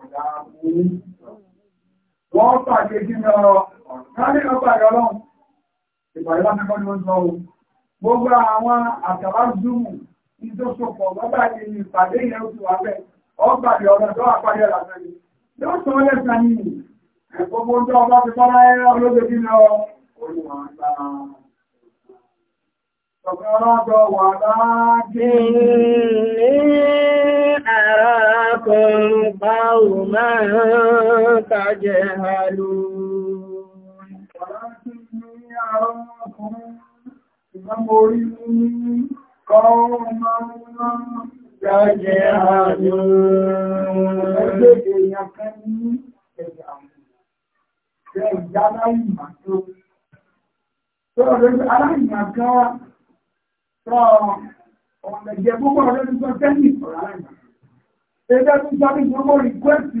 ọ̀dà òun. Wọ́n pàdé kíni ọ, káàdì ọ̀pàdé ìpàdé láti kọ́ ni wọ́n sọ ohun gbogbo àwọn àtàbà zoomu ní tó sopọ̀ lọ́gbà ní ìpàdé yẹn oṣù abẹ́ ọgbàdì ọ̀rọ̀ tó wà pàdé làtẹ́ ni yóò sọ lẹ́sàn ní gbogbo ọjọ́ ọba ti fọ́nà ẹ̀rọ olóògbé lọ olùwà àgbà Ọ̀pọ̀lọpọ̀ wà láti ní àrákùn báwùmá tàjẹ̀ مُرِنِي قَوْمًا يَجْهَلُونَ Ẹgbẹ́ èèyàn kan ní ẹ̀yà àwọn ìṣẹ́ ìyá aláìmà tó. Sọ́rọ̀ lórí aláìmà kan sọ ọ̀nà ìjẹ púpọ̀ lórí sọ tẹ́lì sọ̀rọ̀ aláìmà. Ẹgbẹ́ tó sáré gbogbo rìkwẹ́sì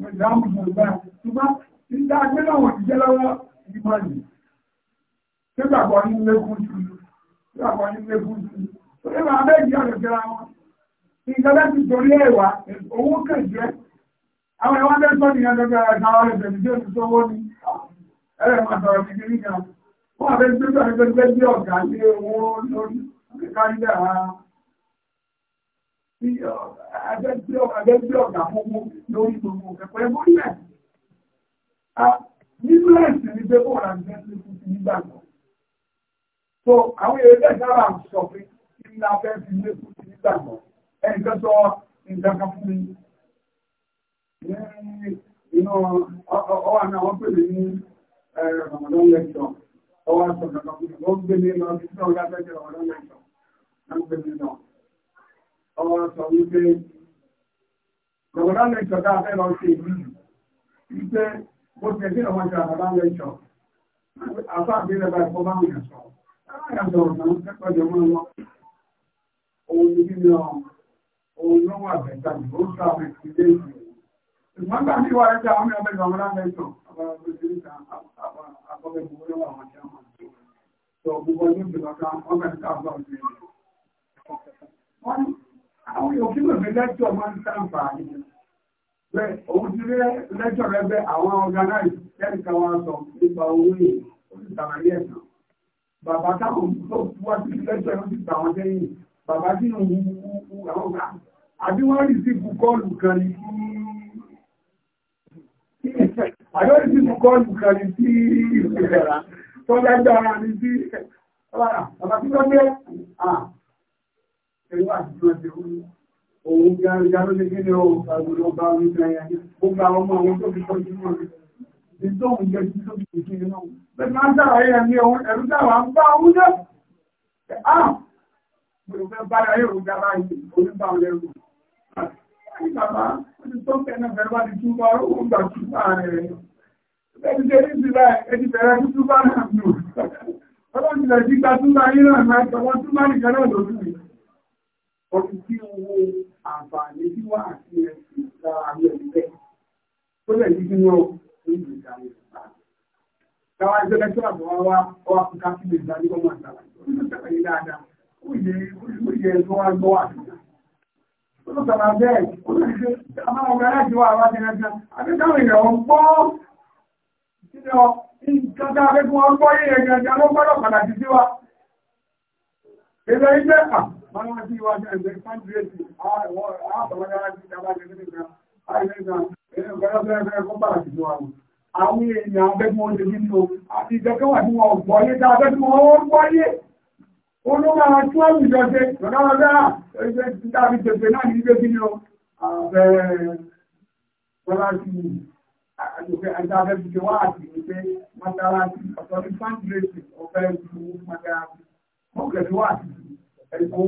ìdáhùn ìgbà ṣùgbọ́n ìdá agbẹ́lọ́wọ̀ ti jẹ́ lọ́wọ́ ìmọ̀lì nígbàgbọ́ ní lẹ́kùn jù nígbàgbọ́ ní lẹ́kùn jù tó lè máa bẹ́ẹ̀gì ọ̀rẹ́ jẹ́ra wọn ní ìjọba ti torí ẹ̀wà owó kẹ̀jẹ́ àwọn ẹ̀wọ́n bẹ́ẹ̀ sọ nìyẹn gẹ́gẹ́ ẹ̀ka ọ̀rẹ́ tẹ̀lé jẹ́ ti sọ́wọ́ ní ẹ̀rẹ́ máa sọ̀rọ̀ gidi nígbà wọ́n àbẹ́ gbẹ́gbẹ́ ọ̀gá lé owó lórí kárí bẹ́ẹ̀ sí abẹ́gbé ọ̀gá fún ti nígbàgbọ́. So àwọn èrè bẹ́ẹ̀ sábà ń sọ pé kí ni a fẹ́ fi lé fún ti nígbàgbọ́. Ẹnìkan sọ nǹkan kan fún mi. Nínú ọwọ́ àná wọ́n pè mí ní Ramadan lecture. Ọwọ́ àṣọ kankan fún mi. Wọ́n gbé mi lọ ọwọ́ sọ wípé Ramadan lecture tá a fẹ́ lọ ṣe yìí wípé bó ti ẹgbẹ́ ọmọ ìṣẹ́ Ramadan lecture àfa àgbélẹ̀ bá ẹ̀kọ́ bá wùyàn sọ láàrín àjọ ọ̀nà kẹ́kọ̀ọ́ jọ mọ́ lọ òun ni bí lọ òun ló wà bẹ̀ta ní ó sọ àwọn ìpínlẹ̀ èdè ìgbọ́n gbà bí wà ẹja àwọn ọmọ ìgbà Ramadan lecture àwọn ọmọ ìgbà lọ́wọ́ àwọn ọmọ ìgbà tó gbogbo ọdún àwọn òkú mẹ̀fẹ́ lẹ́jọ́ máa ń sàǹfààní pé òun ti rí lẹ́jọ́ rẹ bẹ́ àwọn organize lẹ́nu kan wá sọ nípa owó yìí ó sì sàlàyé ẹ̀sán bàbá táwọn tó wá sí lẹ́jọ́ rẹ ó sì gbà wọ́n sẹ́yìn bàbá tí ń wu wu àwọn ọ̀gá àbí wọ́n rí sí kọ́ọ̀lù kan ní sí àbí wọ́n rí sí pẹ̀lú àjíjọ́ ẹ̀sẹ̀ ó ní òun gárígá ló lé gílé ohun àgbòrò ọba orí ìgbàyà ó gba ọmọ àwọn tó fi tọ́jú mọ́ rẹ̀ ìjọ òun jẹ́ sí tó fi kìí náà bẹ́ẹ̀ máa ń dára ayé ẹ̀mí ohun ẹ̀rú dára ń bá ohun jẹ́ ah mo fẹ́ bá ayé òun dára yìí onígbà ọ̀rẹ́ rù láti bàbá ó ti tó kẹ́ náà bẹ̀rẹ̀ bá ti túbọ̀ ó ń gbà túbà rẹ̀ bẹ́ẹ̀ ti ṣe ní ìsìlẹ̀ ẹ ti bẹ̀rẹ̀ túbà náà nù ọlọ́run ti lẹ̀ ti gba túbà yín náà máa tọwọ́ túbà nìkan náà lórí mi ọdún tí ó wo àǹfààní tí wà àti ẹ̀sìn lára ní ẹ̀gbẹ́ tó lẹ̀ ní sínú oúnjẹ ìdáwó ìgbà. Táwa ẹgbẹ́ lẹ́tọ́ àbọ̀ wá wá ọ Áfíríkà sí lè gbà nígbà máa tàbí ọdún tó tẹ̀lé dáadáa. Ó yẹ ó yẹ ẹ̀sọ́ wá gbọ́ àdúrà. Ó tó sọ̀rọ̀ bẹ́ẹ̀ ó lè ṣe àwọn ọmọ aláàjì wa wá tẹ̀lé dáadáa. Àbí táwọn èèyàn ń gbọ́ nǹkan tá a fẹ́ fún wọn gbọ́ yẹ̀yẹ̀ gẹ̀ẹ́gẹ́ ló gbọ́dọ̀ pàtàkì sí wa. Èdè ìgbẹ́ Báwọn wá ní ẹgbẹ́ fáńdírẹ́sì, àwọn èèyàn abẹ́gbọ́n oúnjẹ nínú àti ìjọkẹ́wà tí wọ́n gbọ́yé tá abẹ́gbọ́n wọ́n gbọ́yé. Olúmọ̀ àwọn tí wọ́n jọ ṣe, lọ́dá lọ́dá, ẹgbẹ́ tí tàbí tẹ̀fẹ̀ náà ní ilé gíní o, ààbẹ̀ bọ́lá sí àjòkẹ́ àjábẹ́ fi wá àti ìpé mọ́tàlá sí ọ̀tọ̀ ní fáńdírẹ́sì ọ̀fẹ́ ìlú mọ́tàlá sí. Mọ́kẹ̀ fi wá àti ẹ̀kọ́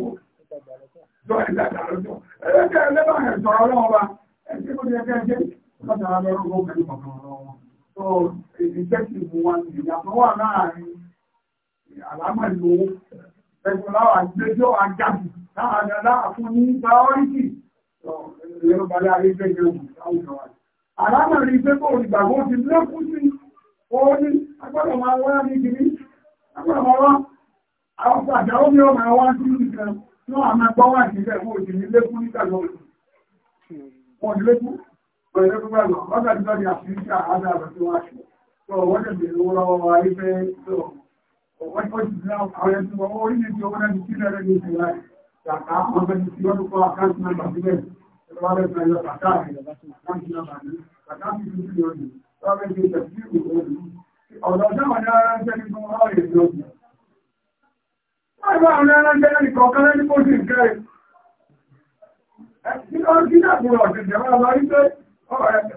lọ ìdàgbà lọ́jọ́ ẹlẹ́kẹ́ ẹlẹ́bà ẹ̀sọ̀ ọlọ́wọ́ bá ẹ̀sí kò ní ẹgbẹ́ ẹgbẹ́ látara lọ́rùn pẹ̀lú ọ̀kan ọlọ́wọ́ so ìfẹ́sì mú wa ní ìyàtọ̀ wà láàrin àlámọ̀lò ẹ̀sùn láwà gbẹjọ́ ajábù láàrin aláàfún ní priority lẹ́nu balẹ̀ ayégbé ìjẹun láwùjọ wa àlámọ̀lò ìfẹ́ kò ìgbàgbọ́ ti lékún sí orí agbọ́dọ̀ máa wá ní kìíní agbọ́dọ̀ máa wá àwọn pàdé ó ní ọmọ àwọn tí ní ìfẹ́ náà àmà gbọ́ wà sí ìfẹ́ òjì ní lékún ní kàlọ́ òjì lékún pẹ̀lú lékún pẹ̀lú ọjà tí lọ́dí àfíríkà àádá àbẹ̀ tí wọ́n ṣe tó wọ́n lè bèèrè owó lọ́wọ́ wa ifẹ́ tó wọ́n tó ti ní àwọn ẹni tí wọ́n orí ní ti owó náà ti sí lẹ́rẹ́ ní ìfẹ́ láì yàtà àwọn ọmọ Àgbà àwọn ẹranjẹ́ ìkọ̀ọ̀kan lẹ́ni kó sì ń kẹrẹ. Ẹ̀sìn ọdún ìdàkùnrọ̀ ọ̀sẹ̀ jẹ́ wọ́n bá rí pé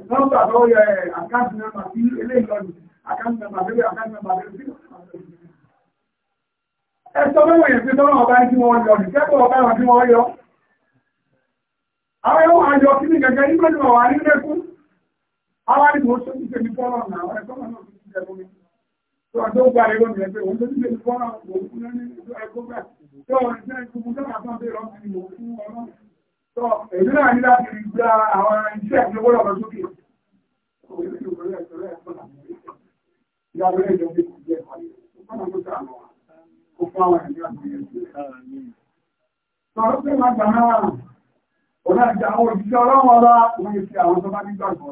nọ́mbà tó yẹ àkáǹtì nọ́mbà sí ilé ìlọ́dún, àkáǹtì nọ́mbà lórí àkáǹtì nọ́mbà lórí. Ẹ̀sọ́ mẹ́wọ̀n yẹn pé tọ́rọ ọba ní kí wọ́n yọ, ìkẹ́kọ̀ọ́ ọba wọn kí wọ́n yọ. Àwọn ní gẹ̀gẹ́ nígbẹ́ ni wọ́n wà nílẹ̀kún. Àwọn ní tó àjọ rẹ̀ lọ́nà ẹgbẹ́ òun tó ní lè fọ́nà òun fún lẹ́ni ẹgbẹ́ gbà tó ọ̀rẹ́ jẹ́ ìgbùgbùn tó àtọ́ bẹ́ẹ̀ lọ́nà ìlú fún ọlọ́run tó èyí náà ní láti gba àwọn iṣẹ́ ìjọba lọ́nà sókè Sọ̀rọ̀ pé máa gbà náà, ọ̀nà ìjà àwọn òṣìṣẹ́ ọlọ́run ọlá, wọ́n yẹ sí àwọn tó bá nígbàgbọ́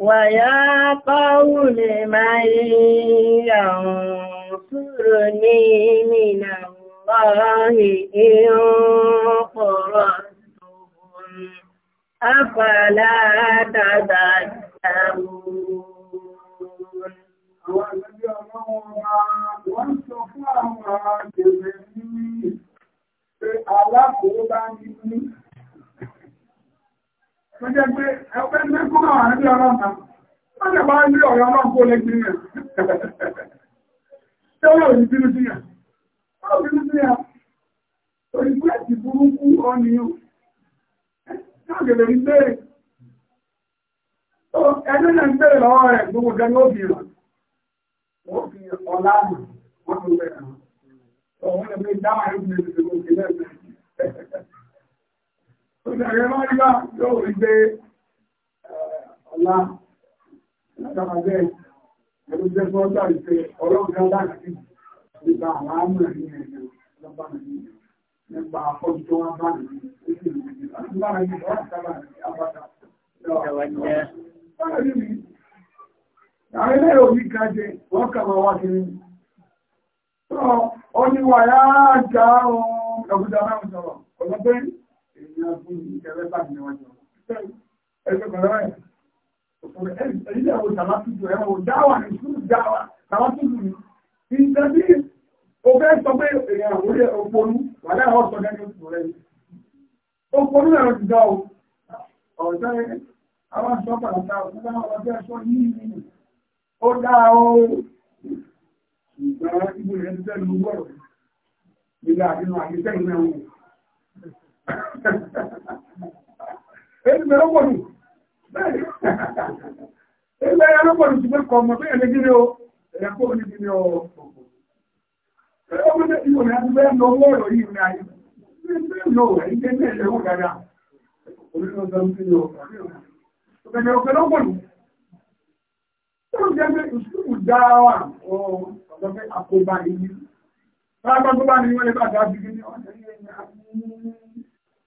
ويا قوم من ينصرني من الله إن قردتهم أفلا تذكرون Alákòóbá ní tó jẹ́ pé ẹgbẹ́ mẹ́kún náà wà níbi ọlọ́run náà wọ́n jẹ́ bá ní ọ̀rọ̀ ọlọ́run kó lè gbin náà tí ó lọ sí bínú sí yà ó bínú sí yà torí pé ti burúkú ọ̀nìyàn náà gẹ̀lẹ̀ rí bẹ́ẹ̀ ẹgbẹ́ náà ń Òṣèrè máa rí bá yóò rí gbé eh, ọ̀la ọla ẹ̀lú jẹ́ fọ́ọ́tà ìpé ọlọ́gbọ́n láti nípa àwọn àmúrẹ̀ ní ẹ̀yẹ lọ́pàá nàìjíríà nípa àkọ́jú tó wá bá nàìjíríà. Àwọn ilé Òfẹ́ sọ pé èèyàn orí òpònú wà láàrín ọ̀sọ̀ lẹ́nu òṣù rẹ̀. Òpònú ẹ̀rọ ti dá o. Ọ̀sẹ́ àwọn aṣọ́ pàtàkì ọ̀sẹ́ àwọn ọjọ́ ẹ̀ṣọ́ yìí nínú. Ó dá o. Ìgbà ìgbìyànjú tẹ́lú gbọ́rọ̀. Ìgbà àdínú àdínú ẹgbẹ́ ọgbọ̀nù ẹgbẹ́ ọgbọ̀nù ti gbẹ́kọ̀ ọmọ bẹ́ẹ̀ o ẹ̀kọ́ ní gírí o ọmọdé ìwò ní adúgbẹ́ ẹ̀nà owó ọ̀rọ̀ yìí ní ayé ní ìlú ọ̀rọ̀ ìgbẹ́ ní ẹ̀lẹ́ owó dáadáa orílẹ̀-èdè ń fi ọ̀rọ̀ Ó jẹ́ pé ìṣúrù dáwà ọ̀dọ́ pé àkóbá bá wọ́n lè bá dáa bí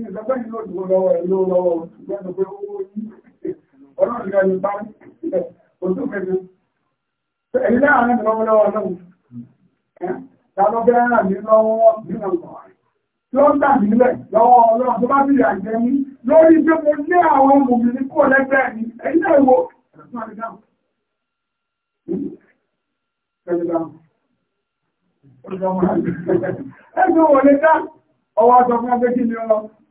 ìgbẹ́gbẹ́ yìí ló dùn lọ́wọ́ ẹ̀ ló lọ́wọ́ ìgbẹ́gbẹ́ pé ó yí ọlọ́run náà ní bá ojú kẹjọ ẹ̀yìn náà ní ìrànlọ́wọ́ lọ́wọ́ ta ló bẹ́ rà mí lọ́wọ́ nínú ọ̀rọ̀ tí ó ń dà nílẹ̀ lọ́wọ́ ọlọ́run tó bá bí ìyà jẹ mí lórí pé mo ní àwọn mòmí ní kó lẹ́gbẹ́ mi ẹ̀yìn náà wo ẹ̀sùn àdìdáhùn ẹ̀sùn wọlé dá ọwọ́ àjọ fún ọgbẹ́ kí ni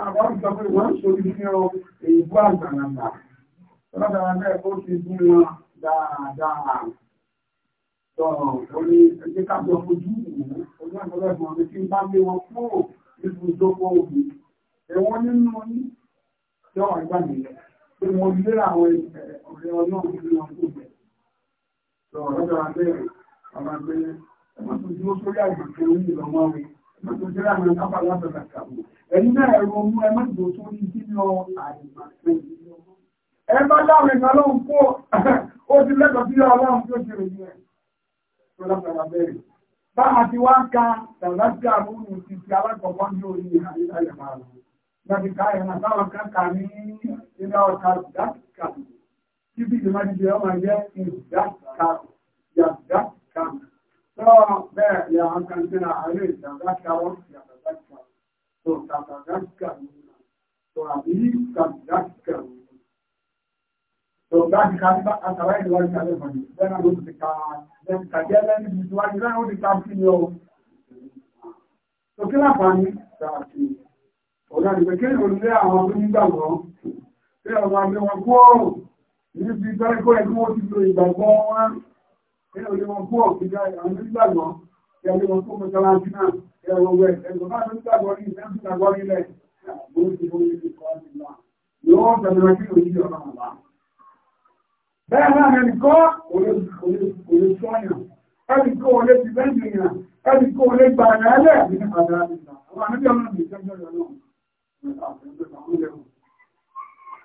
Àwọn ìgbà pé wọ́n ń ṣorí ní èyí bú àgbàlagbà. Ọlọ́dàwà náà kó ti bú wọn dáadáa. Sọ̀rọ̀ orí ẹgbẹ́ kájọ fojú ìwọ̀n, ojú àgbàlagbà ọ̀rẹ́ tí ń bá gbé wọn kúrò nínú ìjókòó òbí. Ẹ̀wọ́n nínú ní yọ ìgbà nìyẹn. Pé mo lé àwọn ọ̀rẹ́ ọlọ́run nínú ọdún bẹ̀. Sọ̀rọ̀ ọlọ́dàwà bẹ̀rẹ̀, ọ̀rọ̀ àgbẹ̀ Màtòjẹ́rà máa ń kápá lábẹ́rẹ́ kàwé. Ẹ̀yin náà ẹ̀rọ mú ẹ má dùn sórí sílọ àìmọ̀ṣẹ́. Ẹ bá láwọn ìgbà lóhùn kó ó ti lẹ́tọ̀ọ́ sí ọlọ́run tó ṣe rèé yẹn. Tọ́lápẹ̀lá bẹ́ẹ̀. Bá a ti wá ń ka tàlájà lóhùn ti ti alákọ̀ọ́kọ́ ní orí ayẹyẹ máa lọ. Láti ká ẹ̀rọ táwọn kan kà ní ilé ọ̀ka ìdákàkà. Kíbi ìdìmọ̀ سواء باقي أن كنتنا عليه تذكر يتذكر تتذكرون وأبي تذكرون Tòbáàkì kan bá àtàrà ìlọ́rí kalẹ̀ fún mi, bẹ́ẹ̀nà ló ti ka jẹ́ lẹ́nu ìjú wájú lẹ́nu ó ti ká sí ní ọ̀hún. Tòkí láǹfààní dáàtì, ọ̀gá ìgbẹ̀kẹ́ ìròlé àwọn tó nígbàgbọ́, pé ọmọ àgbẹ̀wọ̀n kúrò níbi gbẹ́rẹ́kọ́ ẹ̀kọ́ ti lo ìgbàgbọ́ wọn ẹ̀rọ ìwọ̀n fún ọ̀gbìnrin àwọn onígbàgbọ́ ẹ̀rọ ìwọ̀n fún mọ́sálásí náà ẹ̀rọ ìwọ̀n ẹ̀rọ bá ń gbàgbọ́ ní ìfẹ́ ń gbàgbọ́ nílẹ̀ Bẹ́ẹ̀ náà ẹnìkọ́ olóṣùwọ̀nyàn, ẹnìkọ́ olé ti bẹ́ẹ̀nìyàn, ẹnìkọ́ olé gbà ẹ̀ẹ́lẹ̀ ní àdá ìgbà. Àwọn àníbí ọmọ ìjọ́ jọ́ jọ́ náà.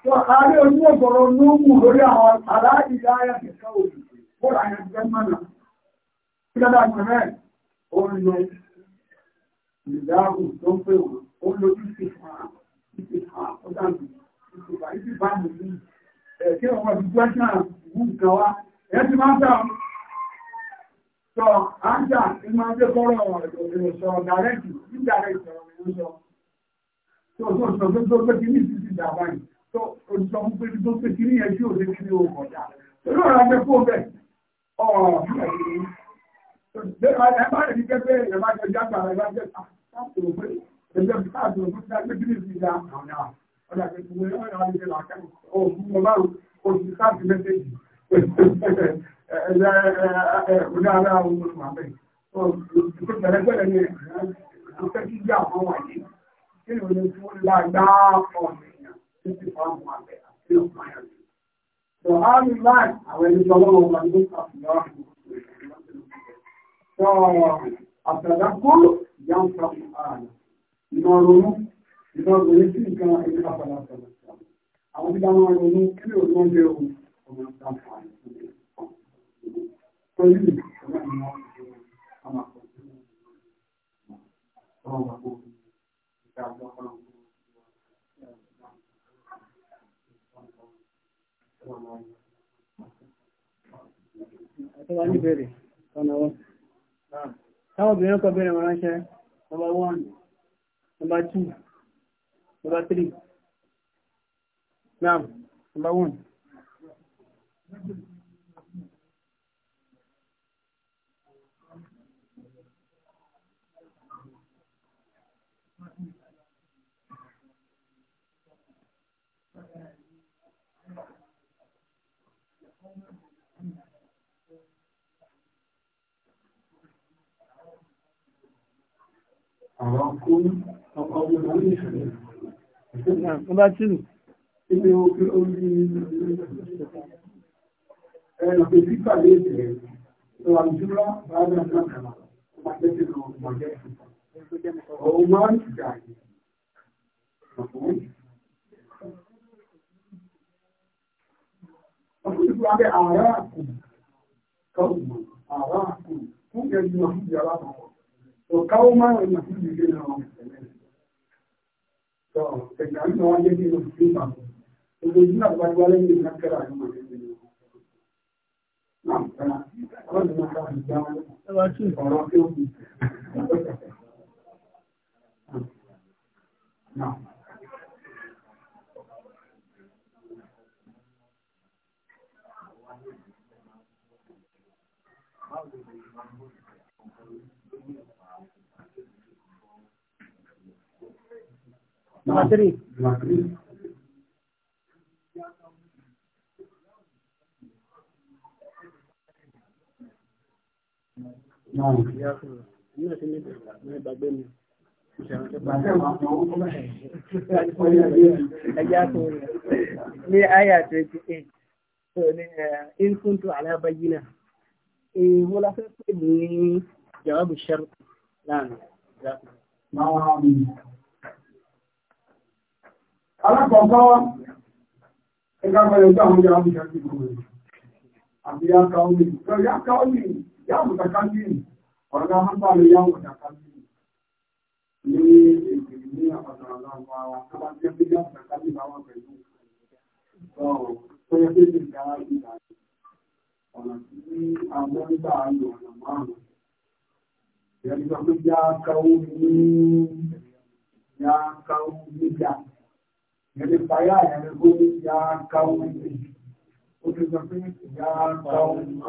Tó àárẹ́ ojú ọ̀gọ̀rọ̀ ló mú lórí àwọn àlá ìyá ayẹ́ kẹ̀kẹ́ òjò bóra yẹn jẹ́ mọ́nà kí lọ́dọ̀ àgbẹ̀rẹ̀ ó ń lo ìdáhùn tó ń pè wọ́n ó ń lo ìfì hàn ìfì hàn ó dàbí ìfì hàn ìfì bá mi ní ẹ̀kí ọ̀pọ̀ ìgbẹ́ náà wù nǹkan wá ẹ̀ ti máa ń tà sọ ájà tí máa ń dé kọ́rọ̀ ọ̀rọ̀ sọ dàrẹ́kì ìdàrẹ́kì ọ̀rọ̀ mi sọ tó tó sọ tó tó pé kí ní ìsìn ti dàbáyìí tó tó sọ fún pé tó pé kí ní ẹjú òde kí ní òkọ̀dà tó lọ́ra fẹ́ Kí ni o lè fún lágbàá ọ̀nà èèyàn títí fáwọn àgbẹ̀ àti ọ̀pọ̀ àyàjò? So how do you like àwọn ẹni tó lọ́wọ́ wọn ní àfihàn? So àtàdákùrù yà ń fa ààrẹ. Ìmọ̀ ronú, ìmọ̀ ronú sí nǹkan ẹni àfàlà àfàlà. Àwọn tí wọ́n ronú kí òun jẹ́ òun, ọmọ ìta fàáyé. kọ́kọ́ bẹ̀rẹ̀ wọn number one number two number three now number one. àwọn kó ọkọ̀ ọdún lórí ìṣẹ̀lẹ̀. Ọba Tìlù. Ilé orí orí ẹ̀rọ pé pípà lè bẹ̀rẹ̀ tó wà jùlọ bá bẹ̀rẹ̀ náà kàmà wọ́n tẹ́ sí lọ mọ̀jẹ́. Òun máa ń jà yìí. Ọkùnrin tó wà bẹ́ àárá àkùn, kọ́ àárá àkùn, fún ẹni ọ̀hún ìyára àwọn وقوما المسلمين لهم فكان واجب المسلمين الذين أقبلوا لهم يذكر عنهم نعم فلا أرد ما كان الجامعة وراقيهم نعم Thank you. Number three. Number three. No. Ní àyà 28, so ní ìkúntù alábáyínà, ìwó la fẹ́ pè ní jawabu ṣẹ́rù láàrin. Máa wá mi. Alákọ̀ọ́kọ́ ẹgbàgbẹ̀rẹ̀ tó àwọn yàrá ìjọ ti gbogbo rẹ̀. Àbí yá ká ó lè, tó yá ká ó lè, yá mú kàkà ní ọ̀rọ̀dá hápá lè yá mú kàkà ní ní èdè ní àpàtà aláwọ̀ àwọn tó bá jẹ́ pé yá mú kàkà ní bá wọn pẹ̀lú. Tó yẹ pé lè dára ìgbà ọ̀nà tí àwọn ń gbà lò ọ̀nà márùn-ún. Ìyá ìgbà pé yá ká ó ní yá ká ó ní yá. Ele payá, ele foi já caúme. O que eu fiz, já caúme.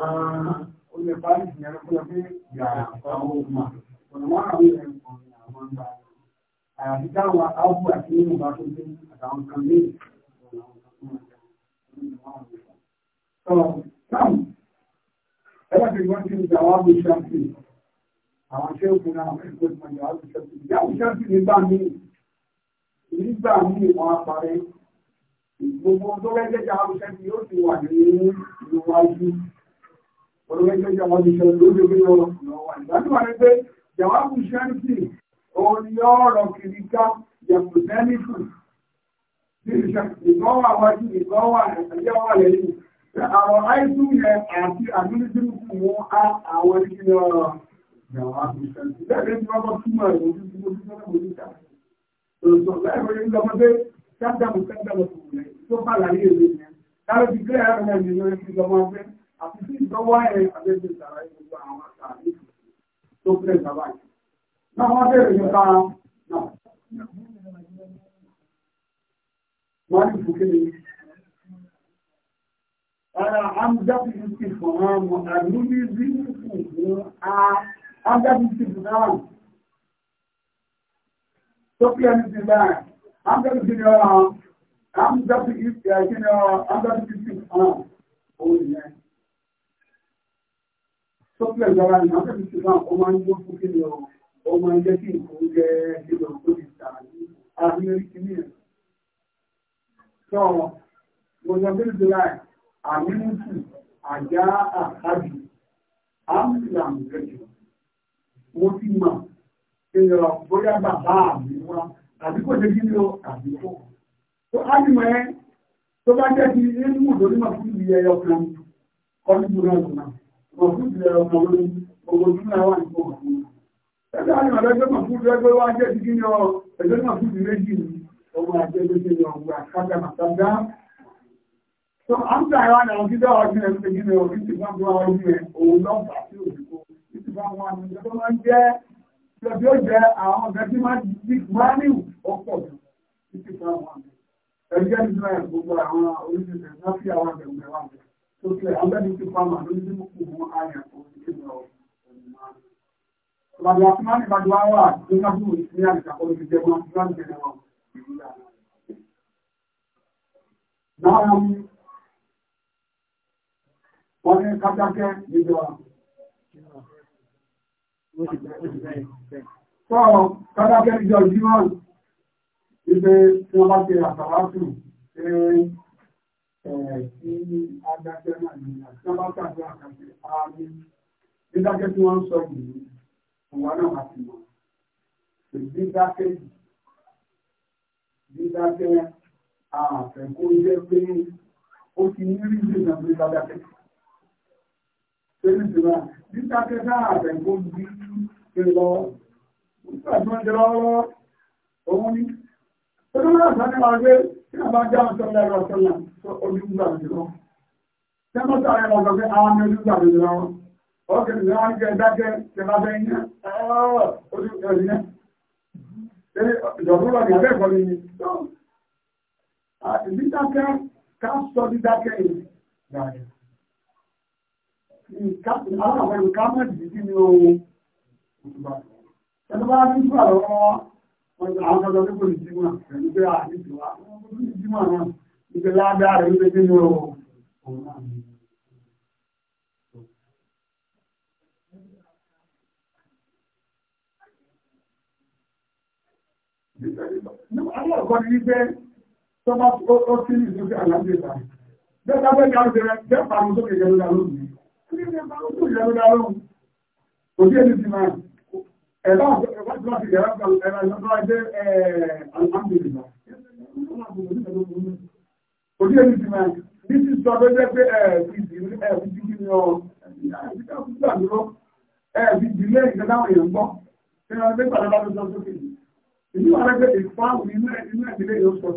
O que faz, ele foi já caúme. Quando uma caúme, ele foi já caúme. Aí fica uma algo aqui, um baixo de dar um caminho. Então, não. Ela pergunta que já lá do Shafi. Ela chegou na coisa nígbà míì wọn aparẹ́ gbogbo tó rẹ́gẹ́jà abúṣẹ́ tí ó ti wà ní ìwájú olùrẹ́gẹ́jà wọn ti ṣe lóde pé ọ̀rọ̀ ní pé jàwábù ṣẹ́ǹtì òun ọ̀rọ̀ kiri ká yàtọ̀ sẹ́nìkù ìgbọ́n wà àwọn àìsùn yẹn àti àdúrídìrúkù wọn àwọn ìṣẹ́ ọ̀rọ̀ jàwábù wọ́n bọ́ túmọ̀ ìwòjú tí ti tòlòtò láìpẹ́ ní lọ́mọdé sádàmù sádàmù tó wùlẹ̀ tó bá láyé ìwé yẹn lára ti gbé ẹ̀rọ náà nínú ẹni lọ́mọdé àti sí ìdánwò ẹ̀ abẹ́jẹ́ sàrà ìgbà àwọn àtàlẹ́ tó fẹ́ sábà yìí. náà wọ́n bẹ̀rẹ̀ nípa náà. wọ́n ní fún kéde. ara amúdábí ti fọ̀rọ̀ mọ́ àdúgbò bí fún fún a amúdábí ti fọ̀rọ̀ mọ́. So clear is the line. I'm going to give you a, I'm going to give you, uh, you I'm going to give you a, oh yeah. So clear is the line. I'm going to give you a, oh my, you're cooking your, oh my, you're cooking, you know, put it down. I'm going to give you. So, mo sọ pé nítorí láì àmínútù àjá àkájù ámìlà mìíràn mo ti mọ̀ èèyàn bóyá bàbá àmì wa àbí kò ṣe kí ni ó àbí kò. tó ánìmọ̀ ẹ́ tó bá jẹ́ ti inú lórí màfúù ìlú ẹyọ kan kọ́ńtù náà nà màfúù ìlú ẹyọ kan lórí gbogbo ojú náà wà nípò màfúù. ẹgbẹ́ ánìmọ̀ ẹgbẹ́ màfúù ìlú ẹgbẹ́ wa jẹ́ ti kí ni ọ ẹgbẹ́ màfúù ìlú méjì ni ọmọ àti ẹgbẹ́ ti ni ọ̀gbà kájà màtàgá. tó àǹtà ẹ̀wà ni àwọn kíkẹ́ ọ̀gbìn ẹ̀ lọ́bí ó jẹ́ àwọn ọ̀gá tí máa di máníwù ọ̀pọ̀ jù títí fún àwọn àgbẹ̀. ẹgbẹ́ nínú ẹ̀ gbogbo àwọn oríṣiríṣi ẹ̀ náà fi àwọn àgbẹ̀ gbẹ̀ wà bẹ̀. tó ti ẹ̀ ọ̀gá ní ti fáwọn àlọ́ ní mú kù fún àyàn tó ti kí lọ Ìbàdàn àti máa ní ìbàdàn wá wà ní Gábùrù ní àdìsàkọ́ ló fi jẹ́ wọn láti So, kádá fẹ́ ìjọ ìjímọ̀ ìgbé tí wọ́n bá ṣe àtàwátù ṣe sí adájọ́ náà ní àti wọ́n bá ṣàjọ àkàṣe ààrẹ. Dídákẹ́ tí wọ́n ń sọ yìí, òwà náà àti mọ̀. Dídákẹ́ dídákẹ́ àfẹ́kó jẹ́ pé ó ti ní rí ìgbésẹ̀ tó dádákẹ́. Tẹ́lú ìjọba, nígbà kẹta àbẹ̀kó bí ṣe lọ, nígbà tí wọ́n jẹ lọ́wọ́, òun ni. Tẹ́lú náà sáré wá gbé, tí a bá já ọ̀sán lẹ́rọ ọ̀sán náà, olúgbà mi lọ. Tẹ́lú sáré wá gbé, àwọn ọmọ olúgbà mi lọ. Ọkẹ́ mi lọ́wọ́ jẹ dákẹ́, tẹ́lá bẹ́ yín náà, olúgbà mi náà. Tẹ́lú ìjọba ni àbẹ́kọ̀ ni. Ìdídákẹ́ ká sọ dídákẹ́ yìí aláwọ̀ ìka mẹ́rin sí ní ohun òtùbà ẹni àwọn ọjọ́ tó kò ní jímọ̀ ẹni pé à ní ìjọba wọn kò ní jímọ̀ náà ìpè ládàá rẹ̀ wípé nínú ohun náà ni. Aláwọ̀kọ́ ni wípé tó bá ó sí ní ìsúnkẹ́ Kò sí ẹni ti máa ẹ̀bá àti láti gẹ̀rẹ́ pẹ̀lú ẹ̀rọ ìjọba ti sọ pé jẹ́ pé ẹ̀ẹ̀fi ti kí ni ọ ẹ̀ẹ̀fi ti lé èèyàn gbọ́. Ṣé wọ́n gbé pàdé sọ sókè? Ìlú ààrẹ pé ìfáàwù inú ìdílé yóò sọ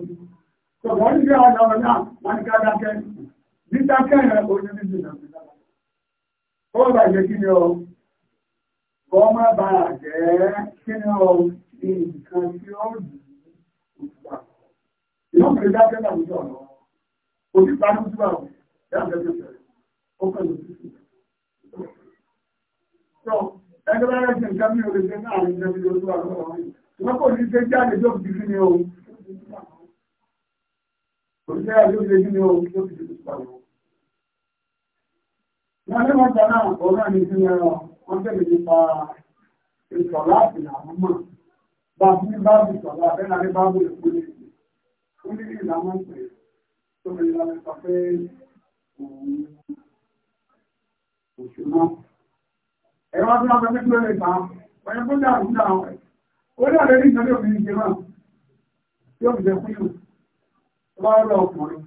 sí. Kọ́ bá jẹ́ kí ni ọ? Kọ́ má bá jẹ́ kí ni ọ ní nǹkan tí ó dì í òṣùpá. Ìyá òkè dákẹ́ láwùjọ lọ. Òṣùpá ló túbà ó, dákẹ́ tó sẹ̀rẹ̀. Ó kàn ló túbà. Sọ ẹgbẹ́ bá rẹ̀ ṣe nǹkan mi ò lè ṣe náà ní ìjọba ìjọba ìjọba lọ́wọ́ rẹ̀. Ṣùgbọ́n kò ní ṣe jáde tó fi kí ni o? Kò ní ṣe jáde tó fi kí ni o? Tó fi kí ni o? Wọ́n ní wọ́n jẹ́ náà kò náà ní sí ẹ̀rọ, wọ́n tẹ̀lé nípa ìṣọ̀lá àti àwọn mọ̀. Bàbú ní báàbù ìṣọ̀lá, bẹ́ẹ̀ náà ní báàbù ìpò lè fi. Ó ní ní ìlànà pé tó fi lọ sọ pé òun òṣù náà. Ẹ̀rọ wá tó lọ sọ pé kí ló lè fà á? Wọ́n yẹ kó dàrú dàrú. fún yóò. Wọ́n ọkùnrin.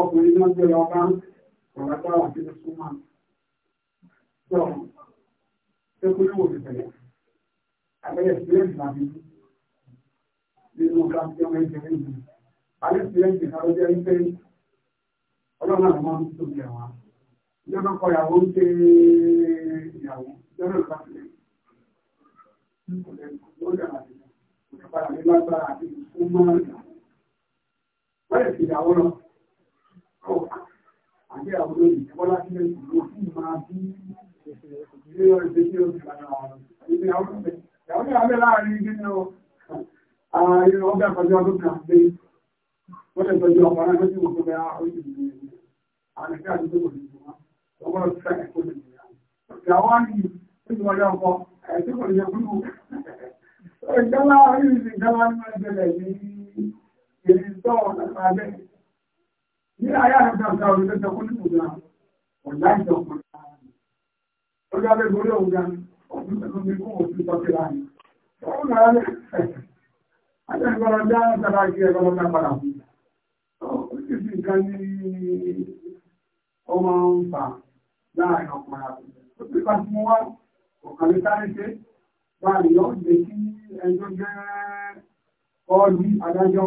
Ọkùnrin náà jẹ́ lọ bá ń ọ̀rọ̀ bá wà sínú súnmọ́ tó tó kú níwò ti bẹ̀rẹ̀ abẹ́rẹ́ sílẹ̀ǹtì máa fi nínú káfíọ́n ẹ̀jẹ̀ nínú alẹ́ sílẹ̀ǹtì náà ló jẹ́ wípé ọlọ́run àwọn máa ń tóbi ẹ̀wà lọ́nà kọ ìyàwó ń ṣe ìyàwó lọ́nà ìgbà sílẹ̀ Ìjọba ìgbàgbà àti ìfúnmọ́ ìyàwó. Wọ́n lè fi ìyàwó lọ àbí àwọn olóyìn bọ́lá sílẹ̀ ìlú máa bí ilé ọ̀rẹ́ tí ó ti gbà náà ilé àwọn ọ̀rẹ́ ìyàwó ní abẹ́ láàrin nínú ààrin ọgbà ìpàdé ọdún kan pé wọ́n lè tọ́jú ọmọ náà lọ́sí ìwọ̀n tó bẹ́ àwọn ìdílé àwọn ẹgbẹ́ àdúgbò kò ní ìgbìmọ̀ ọmọ ọdún ìjọba orí ìsìnkálá ní ayé àgbàgbà òun lọ́jọ́ kó nínú ìgbà ọ̀la ìjọba ọjọ́ abẹ́ gorí òun gan ọdún tó ní kó òfin tọ́sí láàyè ọ̀hún náà lẹ́ àtẹnugbọ́n ọjọ́ sábà kí ẹ̀rọ ọ̀gá padà fún ó sì fi nǹkan ní ọmọ ń fà láàrin ọkùnrin àti ó sì bá fún wa ọ̀kan ní sáré ṣe báyìí ó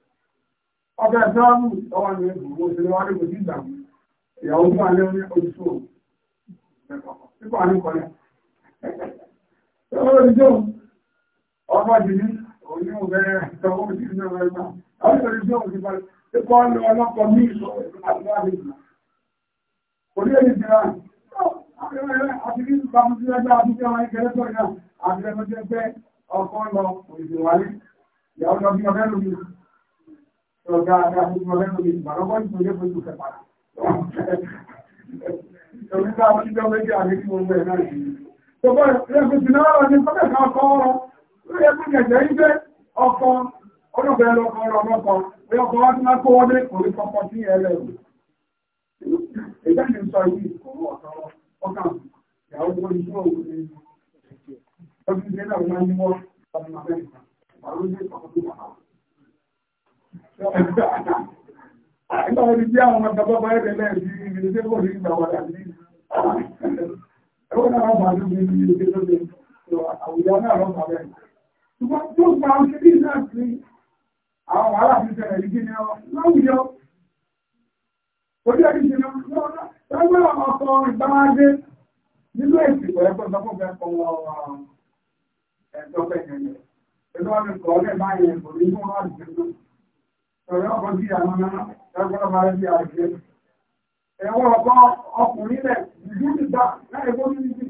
ọbẹ̀ dáàmù ọwọ́n ní ìbùkún òṣèlú wáyé kò sí ìdàmú ìyàwó fún alẹ́ ní oṣù nípa àníkọlẹ̀ ọwọ́ ìjọ ọba jìnnì òní mo bẹ̀rẹ̀ ìtọ́wọ́ sí ìjọ ẹgbà ọwọ́ ìjọ òní bá ikọ́ lọ ọlọ́pọ̀ ní ìṣọ́ àdúrà nìgbà kò ní èyí jìnnà àti ní ìbámu sí ẹgbẹ́ àbúkẹ́ wọn ìkẹrẹ́ sọ̀rọ̀ náà àti ẹgbẹ́ ọkọ̀ lọ òṣèlú wáyé ìyàwó lọ bí ọbẹ̀ lómi Pero cada, cada uno ve lo mismo. No cuando yo fui tu separado. Yo me estaba haciendo de que a mí me volvía a nadie. Yo pues, le funcionaba, yo estaba acá con Yo ya porque ya hice, o con, o no veo con, o no con. Pero con más una code, o le pongo así, él es. Ella que está ahí, como otro, o cambio. Y ahora yo digo, yo quisiera un ánimo para una vez. Para un día, para tu mamá. Nígbà wo ni bí àwọn ọmọ bàbá ẹ̀rẹ̀ lẹ́ẹ̀sí ìrìnlẹ̀ tí kò rí ìgbà wà láti ní. Ẹ̀wọ́n náà wọ́n máa lóbi ní ilé tó lè sọ àwùjọ náà lọ́ bàbá ẹ̀. Ṣùgbọ́n tó gba oṣù bí náà sí àwọn aláàfin ṣẹlẹ̀ yìí ní ọ láwùjọ. Ojú ẹ̀rí ṣe ní ọ̀nà ẹgbẹ́ ọmọ ọkọ ìgbàlágé Ọ̀yọ́ ọkọ̀ sí àwọn náà, ẹgbẹ́ ọmọ rẹ̀ bí àjẹ́. Ẹ̀wọ́ ọkọ̀ ọkùnrin rẹ̀, ìlú ti gbà láì bó ní ìdí.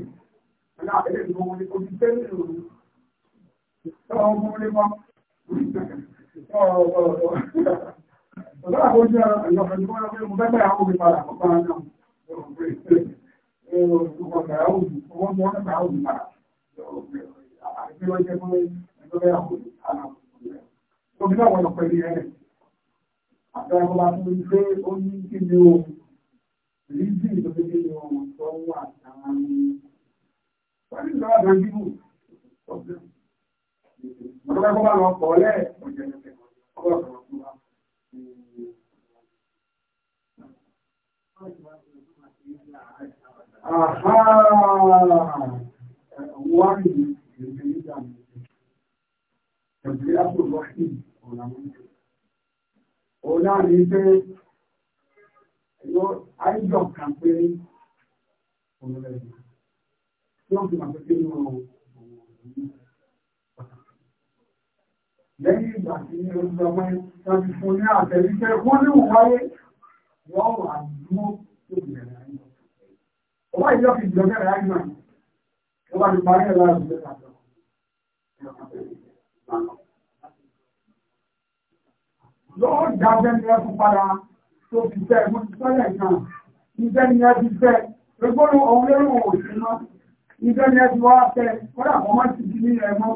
Ẹ̀lá àbẹ̀lẹ̀ ìgbọ̀n wọn ni kò ti tẹ́lẹ̀ lòrù. Ìtọ́ ọmọ orí àtọ́wọ́ bá tún pé ó ní kí ni o rídì tó fi kí ni o tó ń wà táwọn wọ́n ní ìjọba àgbà jíbù ọ̀dọ́ ẹ̀kọ́ bá lọ pọ̀ lẹ́ Wọ́n ní ìgbèrè ìjà mi. Ẹ̀bùrẹ́ àpò lọ́ṣìn ọ̀làmọ́ ìjọba òun náà ní pé àìjọ kan pé òun rẹ̀ tí wọ́n fi máa pépé nínú lẹ́yìn ìgbà tí ó lọ mọ́ ẹ̀ ti fún ní àtẹ̀lẹ́fẹ́ wọ́n ní wáyé wọ́n wà dúró tó bẹ̀rẹ̀ ayé ọba ìjọ fi jọ yóò dá bẹ́ẹ̀ni ẹkùn padà tó fi bẹ́ẹ̀ mo ti sọ́lẹ̀ náà ìbẹ́ni ẹ ti bẹ́ẹ̀ gbogbo ọ̀hún lérò òṣèlú náà ìbẹ́ni ẹ ti wá tẹ kọ́dà kọ́ má ti di ní ẹ mọ́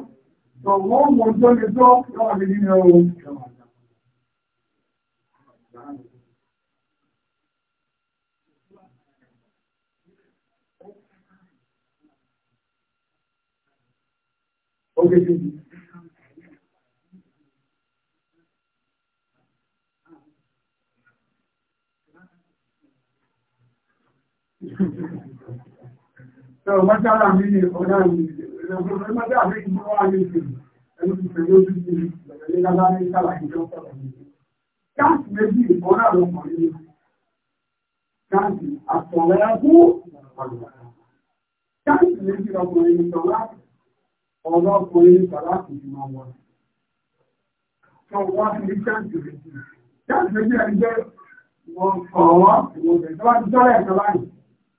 tọ̀wọ́ mo jọ lè jọ lọ́wọ́ mi nínú ẹ̀rọ Oge tuntun. Ẹ̀rọ mọ́sára mi ni ọ̀dá mi, ẹ̀rọ mọ́sára mi ni wọ́n wá ní ìsìn, ẹ̀rọ ti fẹ̀ lójú sí ìbẹ̀rẹ̀ lábá ní sára ìjọ pọ̀lọ̀ mi. Káàkì méjì ìkọ́nà lọ pọ̀ nínú. Káàkì àtọ̀rẹ́ ẹkú ọ̀pọ̀lọpọ̀. Káàkì méjì ọkùnrin ìtọ̀lá ọ̀rọ̀ ọkùnrin ìtọ̀lá ìjùmọ̀ wọn. Sọ wọ́n ti ní káàkì méjì. Káàkì méjì ẹni jẹ́ wọ́n ọ̀rọ̀ ìwọ̀n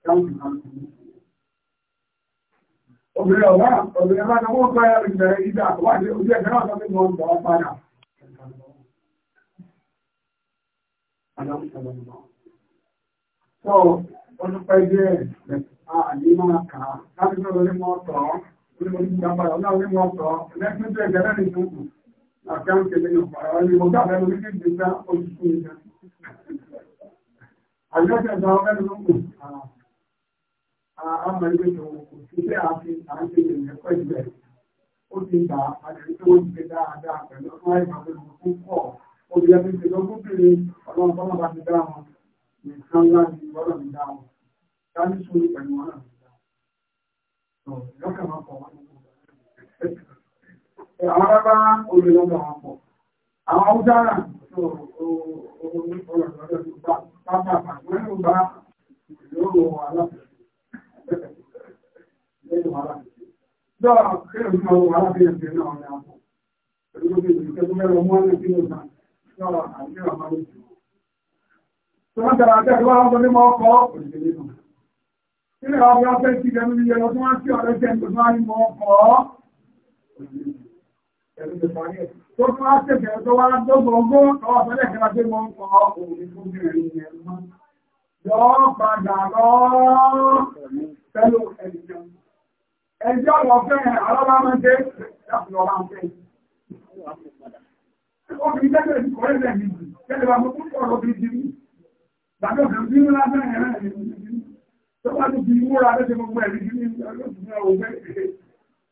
Obìnrin ọ̀wá, obìnrin ọ̀wá ni wọ́n gbáyà ìbẹ̀rẹ̀ ìdá wà ní ojú ẹ̀fẹ́ náà tọ́bí wọn gbà wọ́n padà. So, wọ́n tó pẹ́ jẹ́ àní máa kà á, láti tó lórí mọ́ tọ́, orí mo ní ìjàmbára, ọ̀nà orí àmọ ilé tó kò sí pé a fi à ń ṣe ìrìn ẹ̀kọ́ ìbẹ̀rẹ̀ ó ti gbà àdéhùn tó ń gbé dáadáa pẹ̀lú ọdún àìmọ̀ pé mo kú pọ̀ obìnrin tó ń ṣe lọ́gbọ́bìnrin ọlọ́run tó máa bá ti dá wọn nìkan láti gbọ́dọ̀ mi dá wọn dání sùn pẹ̀lú wọn náà lọ́kàn máa pọ̀ wọn àwọn bàbá olùlọ́gbà wọn pọ̀ àwọn haúsá náà tó ọ̀rọ̀ lọ́dọ̀ tó bá bá bá wọn ní ọba ìlú aláfẹ́ Dọ́ọ̀ kẹ́rù fún tó mẹ́rọ mọ́ ní bí ìrìnkà Tó mọ́ ọkọ̀ òṣèlú nínú. ní ẹlọ tó wọ́n tí yọ́ padà lọ́ọ́ pẹ̀lú ẹ̀jọ́. Ẹjọ́ lọ fẹ́ alábámọ́dé láti lọ máa fẹ́. Obìnrin tẹ́lẹ̀ ti kọ́ ẹ̀rẹ̀ mi, tẹ́lẹ̀ bá mú fún ọ̀rọ̀ bí jírí. Bàbá òkè ń bínú lásán ẹ̀rẹ́ ẹ̀rẹ́ ìrìn. Tó bá ti fi múra lẹ́sẹ̀ gbogbo ẹ̀rí jírí ní ọjọ́ ìgbìmọ̀ òwe.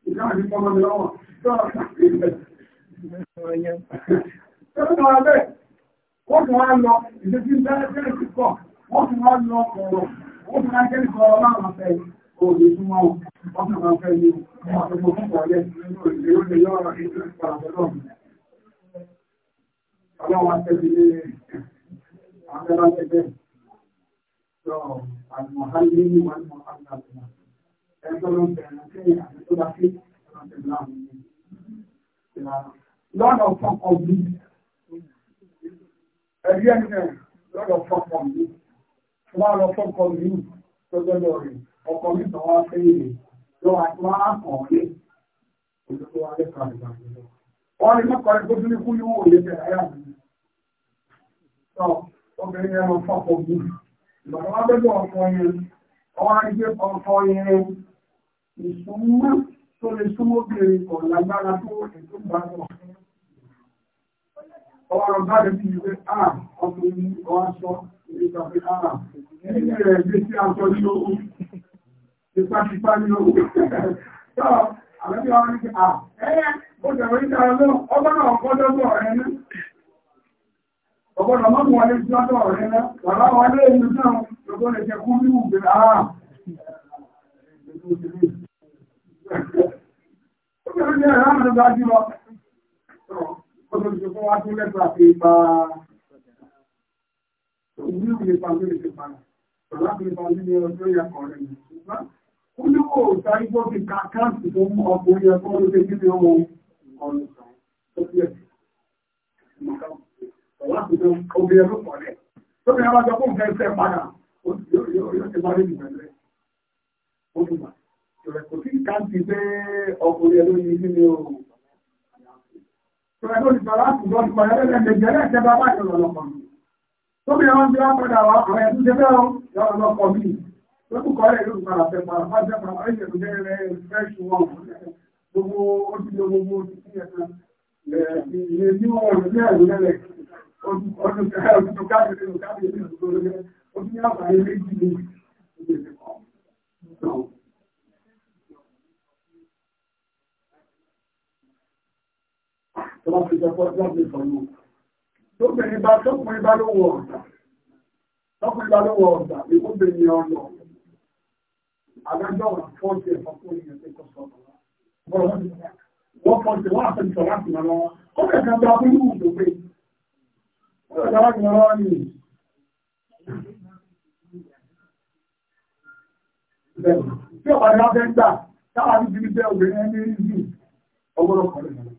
Ìjọba ti pọ̀ mọ́ mi lọ́wọ́. Tó bá wà bẹ́ẹ̀, ó tún wá lọ ìdẹ́sí ń bẹ́ẹ̀ wọ́n fi wọ́n lọ ọ̀rọ̀ wọ́n fi lájẹ́ ìgbà ọlọ́run fẹ́ òòlù fún wọn wọ́n fi máa fẹ́ ní ọ̀pọ̀ fún ọ̀lẹ́ ìlú ìlú yọ ọ̀rọ̀ ìlú ìpàdánù ọlọ́run àtẹ́bí ní àgbẹ̀rẹ̀ àtẹ́bẹ̀ lọ àlùmọ̀hálí ní wọn mọ̀ àgbàgbà ẹgbẹ́ ló ń bẹ̀rẹ̀ sí àti tó bá sí lọ́dọ̀ fọ́kọ̀ bí ẹgbẹ́ ẹgbẹ́ lọ́dọ̀ fọ́kọ̀ bí wá lọ fọ́kọ̀ mi lọ́jọ́ lọ rẹ̀ ọkọ̀ mi tàn wá fẹ́ èrè lọ́wọ́ àti wọ́n á kàn lé olùkọ́ wa lẹ́ka àgbà lọ. wọ́n ní mọ́kọ̀ rẹ̀ tó dúró fún yíwò lè bẹ̀rẹ̀ ayà mi. sọ obìnrin yẹn lọ fọ́kọ̀ mi ìgbàdàn wá bẹ́ẹ̀ bọ̀ ọkọ̀ yẹn ọwọ́ àrígbé ọkọ̀ yẹn ìsúnmọ́ tó ọ̀rọ̀ báyìí bí i pé àà ọmọ ní ọ̀ṣọ́ ìgbà pé àà nínú rẹ̀ gbé sí aṣọ ní owó tipátipá ní owó tó àbẹ́bí wọn ní pé à ẹ́yẹ ó tẹ̀wé ní ara lọ ọgbọ́n náà ọgbọ́dọ́ bọ̀ ọ̀rẹ́ náà ọgbọ́dọ̀ mọ́mú wọlé sí ọdọ̀ ọ̀rẹ́ náà wàrà wọlé ìlú náà lọ́gbọ́n lè jẹ kún nínú ìgbèrè àà ah. ó tẹ̀wé ní ara lọ́gbọ́n olóòjò fún wá tún lẹ́tọ̀ àti ìgbà òun ní ìpa tó lè fi padà pẹ̀lú àti ìpa ní ọjọ́ ìyá kan rẹ̀ ṣùgbọ́n ó ní kò sá igbó ti ka káàsì tó mú ọkùnrin ẹ̀kọ́ ló ṣe kí ni ó wọn ọ̀nà kan tó fi ẹ̀ pẹ̀lú àti ìjọ obìnrin ló pọ̀ rẹ̀ tó fi ẹ̀rọ ọjọ́ kó nǹkan ẹsẹ̀ padà yóò ti parí ìgbà rẹ̀ ó ti gbà kò sí káàsì pé ọkùnrin ẹ̀ ló yí Tóbi àwọn ìjọba padà wá àwọn ẹ̀sùn jẹ́ bẹ́ẹ̀ yọ ọlọ́pọ̀ mí. Lókùkọ́ rẹ̀ lórí padà fẹ́ padà fẹ́ jẹ́ padà ẹ̀yẹ̀ tó jẹ́ rẹ̀ fẹ́ṣù wọn. Gbogbo ó ti lo gbogbo ti sí ẹ̀sán. Ìyẹ̀ tí wọ́n rẹ̀ ní ẹ̀rù lẹ́lẹ̀. Ọdún tó káàkiri tó káàkiri tó lórí. Ó ti ní àbáyé méjì ní ìgbèsè kan. tó bá fi jọpọ̀ jáde pẹ̀lú. Lóbìnrin bá tọ́kùnrin bá ló wọ ọ̀dà. Tọ́kùnrin bá ló wọ ọ̀dà ni ó bè ní ọlọ. Adájọ́ ọ̀rọ̀ fọ́ọ̀tì ẹ̀fọ́ fún ìyẹn tó kọ́ sọ̀rọ̀ wá. Wọ́n fọ́ọ̀tì wọ́n àfẹ́ sọ̀rọ̀ láti mọ̀ lọ́wọ́. Ó kẹ̀ kan bá abúlé wù tó gbé. Ó lọ dáwọ́ ìyẹn Tí ọ̀pá ni wọ́n fẹ́ gbà, táwọn ní bẹ́ẹ̀ obìnrin ẹni rí